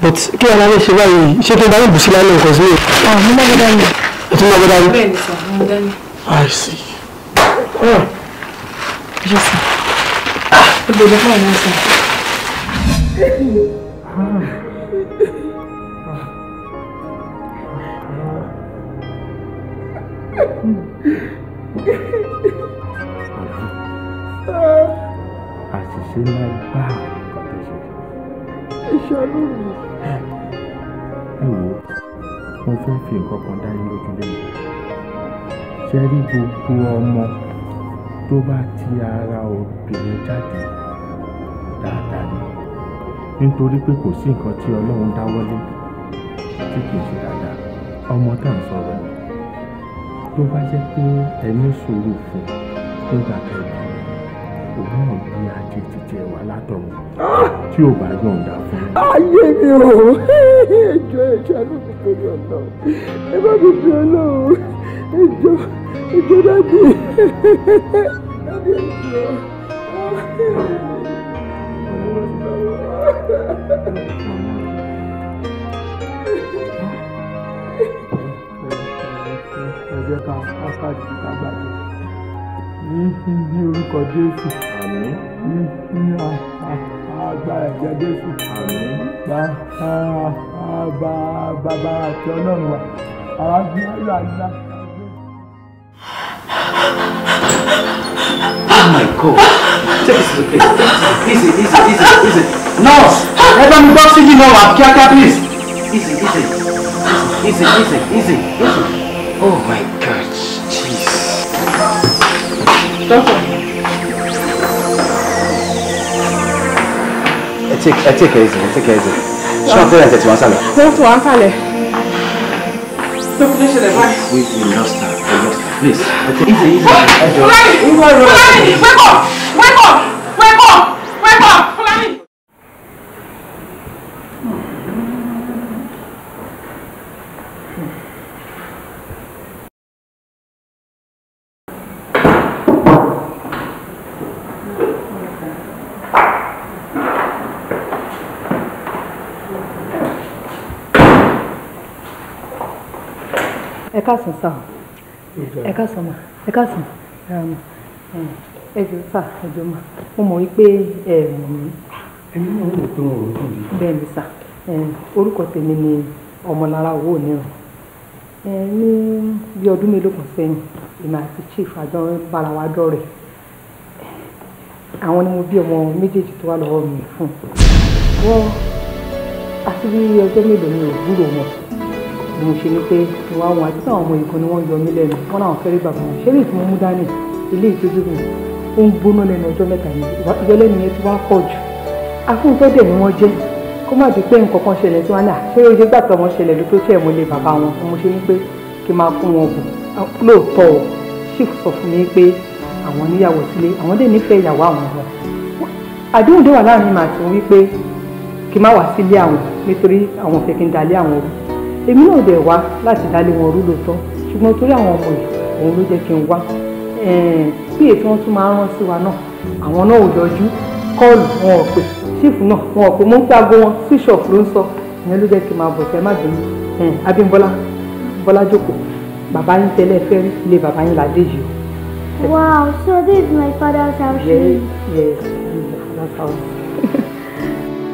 but kí ara lè ṣe báyìí ṣé kí n darí bùsí lálẹ́ nǹkan sílẹ̀. ọ̀hún mọ́ gbọ́dá ni. ẹ̀tún mọ́ gbọ́dá ni. bẹ́ẹ̀ ni sọ mọ́ I see. Oh. Jesus. ah ó gbèdé fún ọ̀nà ọ̀sán. ṣe lágbára nǹkan tó ṣe. ẹ ṣàánú mi. ẹ wo mo fẹ́ fi nǹkan kan dá yín lójú lẹ́yìn. ṣe rí gbogbo ọmọ tó bá ti ara obìnrin jáde dáadáa ni nítorí pé kò sí nǹkan tí ọlọ́run dáwọ́lé tí kì í ṣe dáadáa ọmọ tá à ń sọ̀rọ̀ ni tó bá jẹ́ pé ẹni sùúrù fún nígbà kẹrin òun ní ajé jíjẹ wa látọ̀run tí ò bá yọ̀ǹda fún mi. ayé mi ò ẹjọ́ ẹjọ́ alóòfin torí ọ̀nà ẹ bá mi bí ọlọ́run ẹjọ́ ẹjọ́ dábì dábì ẹjọ́. Ẹ ká ká jù ká gbàdúrà yìí ti orúkọ Jésù. Àmín. Yìí ti agbára ẹ̀jẹ̀ Jésù. Àmín. Bàbá bàbá àti ọlọ́run wa, àwa gbé ayọ̀ àdá. Oh my God! Take this to the place. Easy, easy, easy, easy. Nurse, ẹ bá mi bọ́ sí yìí náà wá kíákíá please. Easy, easy, easy, easy, easy, easy. Oh my God! ẹ tẹ́kẹ̀ẹ́ ẹ̀sìn ẹ tẹ́kẹ̀ẹ́ ẹ̀sìn ṣé wọ́n fẹ́ràn tẹ̀tí wọn sálẹ̀. wọ́n tún wọn sálẹ̀. We, we lost her. We lost Please. Okay. káàsán sá o ẹ káàsán mà ẹ káàsán ẹ̀rọ mà ẹ jọ sá ẹ jọ mà mo mọ̀ wípé ẹ mọ̀ mí. ẹni náà wò pé wọn ò dùn bí. bẹ́ẹ̀ ni sá orúkọ tèmi ni ọmọlára owó onírun ní bí ọdún mélòó kan sẹ́yìn èmi àti chief àjọ bára wa dọ̀rẹ́ àwọn ni mo bí ọmọ méjèèjì tó wà lọ́wọ́ mi fún wọn àti bí ọjọ́ mélòó ni ò gbúrò wọn ni mo ṣe rí pé ìwà wọn àti táwọn ọmọ ìgbọ́n ni wọ́n yọ mí lẹ́nu wọn náà fẹ́rẹ́ bàbá wọn ṣé lè fi mú dání ilé ìtọ́jú mi ó ń gbóná lẹ́nu ọjọ́ mẹ́ta yìí ìyọlẹ́nu yẹn ti wá pọ̀ jù afúnfẹ́ dẹ̀ ni wọ́n jẹ́ kó má di pé nǹkan kan ṣẹlẹ̀ tí wọ́n náà ṣé oye gbà tó ọmọ ṣẹlẹ̀ ló tó tí ẹ̀ mọ́lẹ̀ bàbá wọn mo ṣe ní pé kí n máa kún wọn bù lóòótọ́ o chief sọ fún mi pé àwọn níyàwó sílé àwọn dẹ̀ nífẹ̀ẹ́ ìyàwó àwọn wọn àdéhùn dé wà láàrin màá ti wọ́n wípé kí n má wá sílé àwọn nítorí àwọn fẹ́ kí n dalé àwọn èmi náà dẹ̀ wá láti dálé wọn rú lóòótọ́ ṣùgbọ́n torí àwọn ọmọ yìí òun ló jẹ́ kí n wá bí èyí tí tún máa rán sí wa náà àwọn náà ò yọjú kọ́ọ̀lù wọn ò pè ṣífù náà wọn ò pè mọ́ ń pàgọ́ wọn bíṣọ̀p ló ń sọ ìyẹn ló jẹ́ kí n máa bọ̀ sí má bínú Abímbọ́lá Bọ́lá jókòó bàbá yín tẹ́lẹ̀ fẹ́ rí ilé bàbá yín ládé yìí Wow, so this is my father's house. Yes, yes, this is my father's house.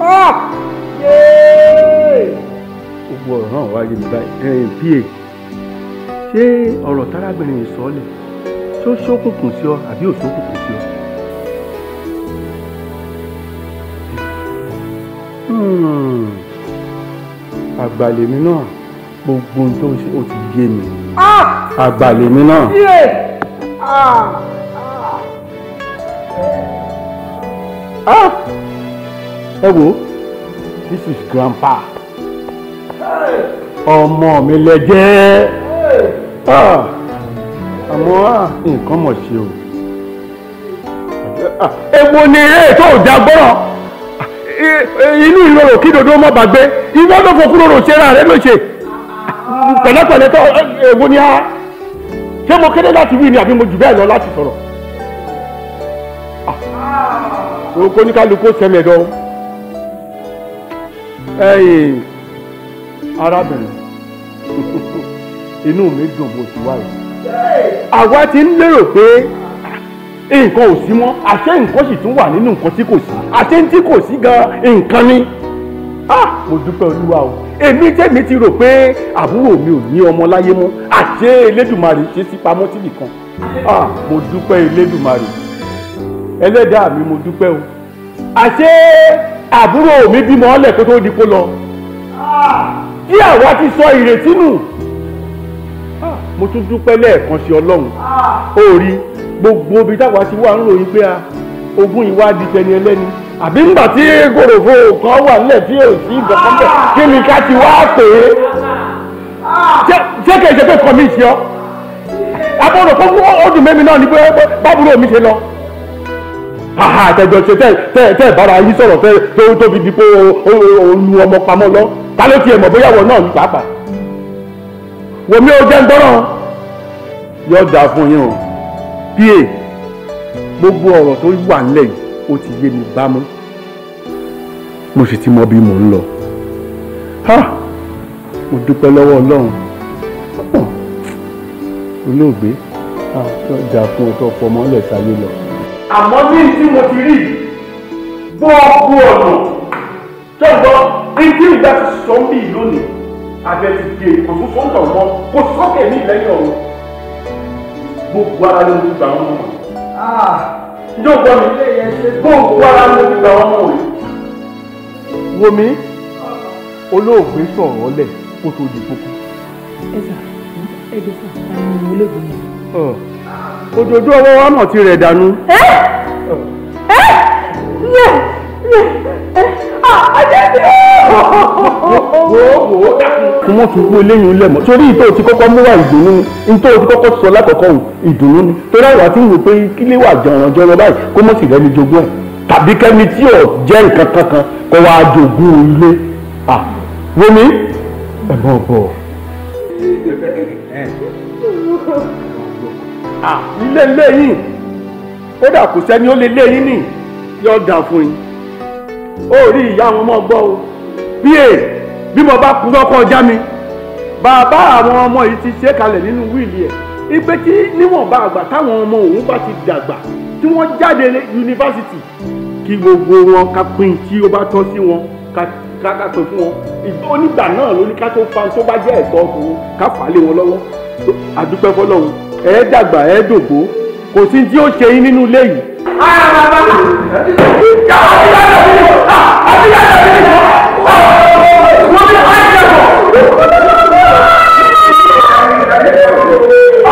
Ah! gbogbo ọ̀rọ̀ náà mi báyìí pa ṣé ọ̀rọ̀ tárábìnrin yìí sọ́ọ́lẹ̀ ṣó ṣókùnkùn sí ọ àbí òṣókùnkùn sí ọ. Hmm. àgbàlèmi náà gbogbo ohun tó ń ṣe ó ti yé mi ah! àgbàlèmi náà. Ah! Ah! ẹ wo this is grandpa ọmọ mi lẹ́jẹ́ àmọ́ nǹkan mọ̀ ṣe o epo ni eré tó dá gbọ́ràn inú ìrorò kí dodo má bàgbé iná ló fọ kúrò ṣẹ́ra rẹ ló ṣe pẹ̀lẹ́pẹ̀lẹ́ tó epo ni a ṣé mo kéde láti wí ni àbí mo jù bẹ́ẹ̀ lọ láti sọ̀rọ̀ kóníkálukú sẹ́mẹ̀dọ́ ẹ̀yìn arábìnrin inú mi dùn bó ti wáyé àwa ti ń lérò pé nǹkan ò sí mọ́ àṣé nǹkan sì tún wà nínú nǹkan tí kò sí àṣé tí kò sí gan nǹkan ni mo dúpẹ́ olúwa o èmi tẹ́mi ti rò pé àbúrò mi ò ní ọmọ láyé mọ́ àṣé elédùnmarè ṣe sí pamọ́ síbì kan mo dúpẹ́ elédùnmarè ẹlẹ́dàá mi mo dúpẹ́ o àṣé àbúrò mi bímọ ọlẹ̀ kó tó di kó lọ tí àwa ti sọ ìrètí nù ah, mo tún dúpẹ́ lẹ́ẹ̀kan sí ọlọ́run ah. ó rí gbogbo ibi táwa ti wà ń ròyìn pé ogún ìwádìí tẹni ẹlẹ́ni àbí ńgbà tí gòròfò kan wà nílẹ̀ tí ò sí ìgbọ̀kan bẹ̀ ah. kí ni ká ti wá pè é ṣé kìí ṣe pé mi ṣe ọ́ abọ́dọ̀ kó ó dùn mẹ́mi náà ní pé bábúrò mi ṣe lọ àtẹjọ ṣe tẹ tẹ tẹ bára yí sọ̀rọ̀ tẹ tó tóbi di pé olú ọmọ pamọ́ lọ ta ló tiẹ̀ mọ̀ bóyá wọ náà ní pàápàá wòmí o jẹ́ ń gbọ́ràn yọ da fún yín o pa gbogbo ọ̀rọ̀ tó wà nílẹ̀ yìí o ti yé mi bámú mo sì ti mọ bí mò ń lọ ha mo dúpẹ́ lọ́wọ́ Ọlọ́run olóògbé yọ da fún ọtọ́ fọmọ́ lẹ̀ sáyé lọ àmọ́ ní tí mo ti rí gbogbo ọ̀nà tọ́gbọ́ ní tí ìgbà ti sọ mí lónìí abẹ ti gbé kò tún sọ́ńtọ̀ mọ́ kò sókè ní ìlẹ́yìn ọ̀run gbogbo ara ló ti gbà wọ́n mọ̀ ah, yóò gbọ́ mi gbogbo ara ló ti gbà wọ́n mọ̀ wo mi olóògbé sọ̀rọ̀ lẹ̀ kó tó di kókó. ẹ sà ẹ jẹ sà àwọn olóògbé náà òdòdó ọwọ́ wa mọ̀ ti rẹ̀ dànù. ẹ ẹ yẹ yẹ àjẹsí ooo. wọ́n fi wú eléyìí ńlẹ̀ mọ́ torí ìtò tí kọ́kọ́ mú wa ìdùnnú ni ìtò tí kọ́kọ́ sọ lákọ̀ọ́kọ́ ìdùnnú ni torí àwa ti ń wò pé kílé wà jọ̀ràn jọ̀ràn báyìí kó mọ̀ sí rẹ́ni jogún ẹ̀ tàbí kẹ́ni tí ò jẹ́ nǹkan kankan kó wàá jogún ilé wọ́n mi ẹ̀gbọ́n bọ̀ ilé ilé yìí kódà kò sẹ́ni ó lé yín nì yọ dà fún yín ó rí ìyá àwọn ọmọ gbọ́ o bí è bí mo bá kú lọ́kọ̀ ọjà mi bàbá àwọn ọmọ yìí ti ṣe é kalẹ̀ nínú wíìlì ẹ̀ ipe tí níwọ̀nba àgbà táwọn ọmọ òun bá ti dàgbà tí wọ́n jáde yunifásitì kí gbogbo wọn ká pín tí ó bá tọ́ sí wọn ká pín fún wọn onígbà náà lóní ká tó fa tó bá jẹ́ ẹ̀tọ́ ọkùnrin ká fà á lé wọn lọ́wọ́ àdúpẹ́ fọlọ́run ẹ dàgbà ẹ dògbó kò sí tí ó ṣe yín nínú ilé yìí. Thank you.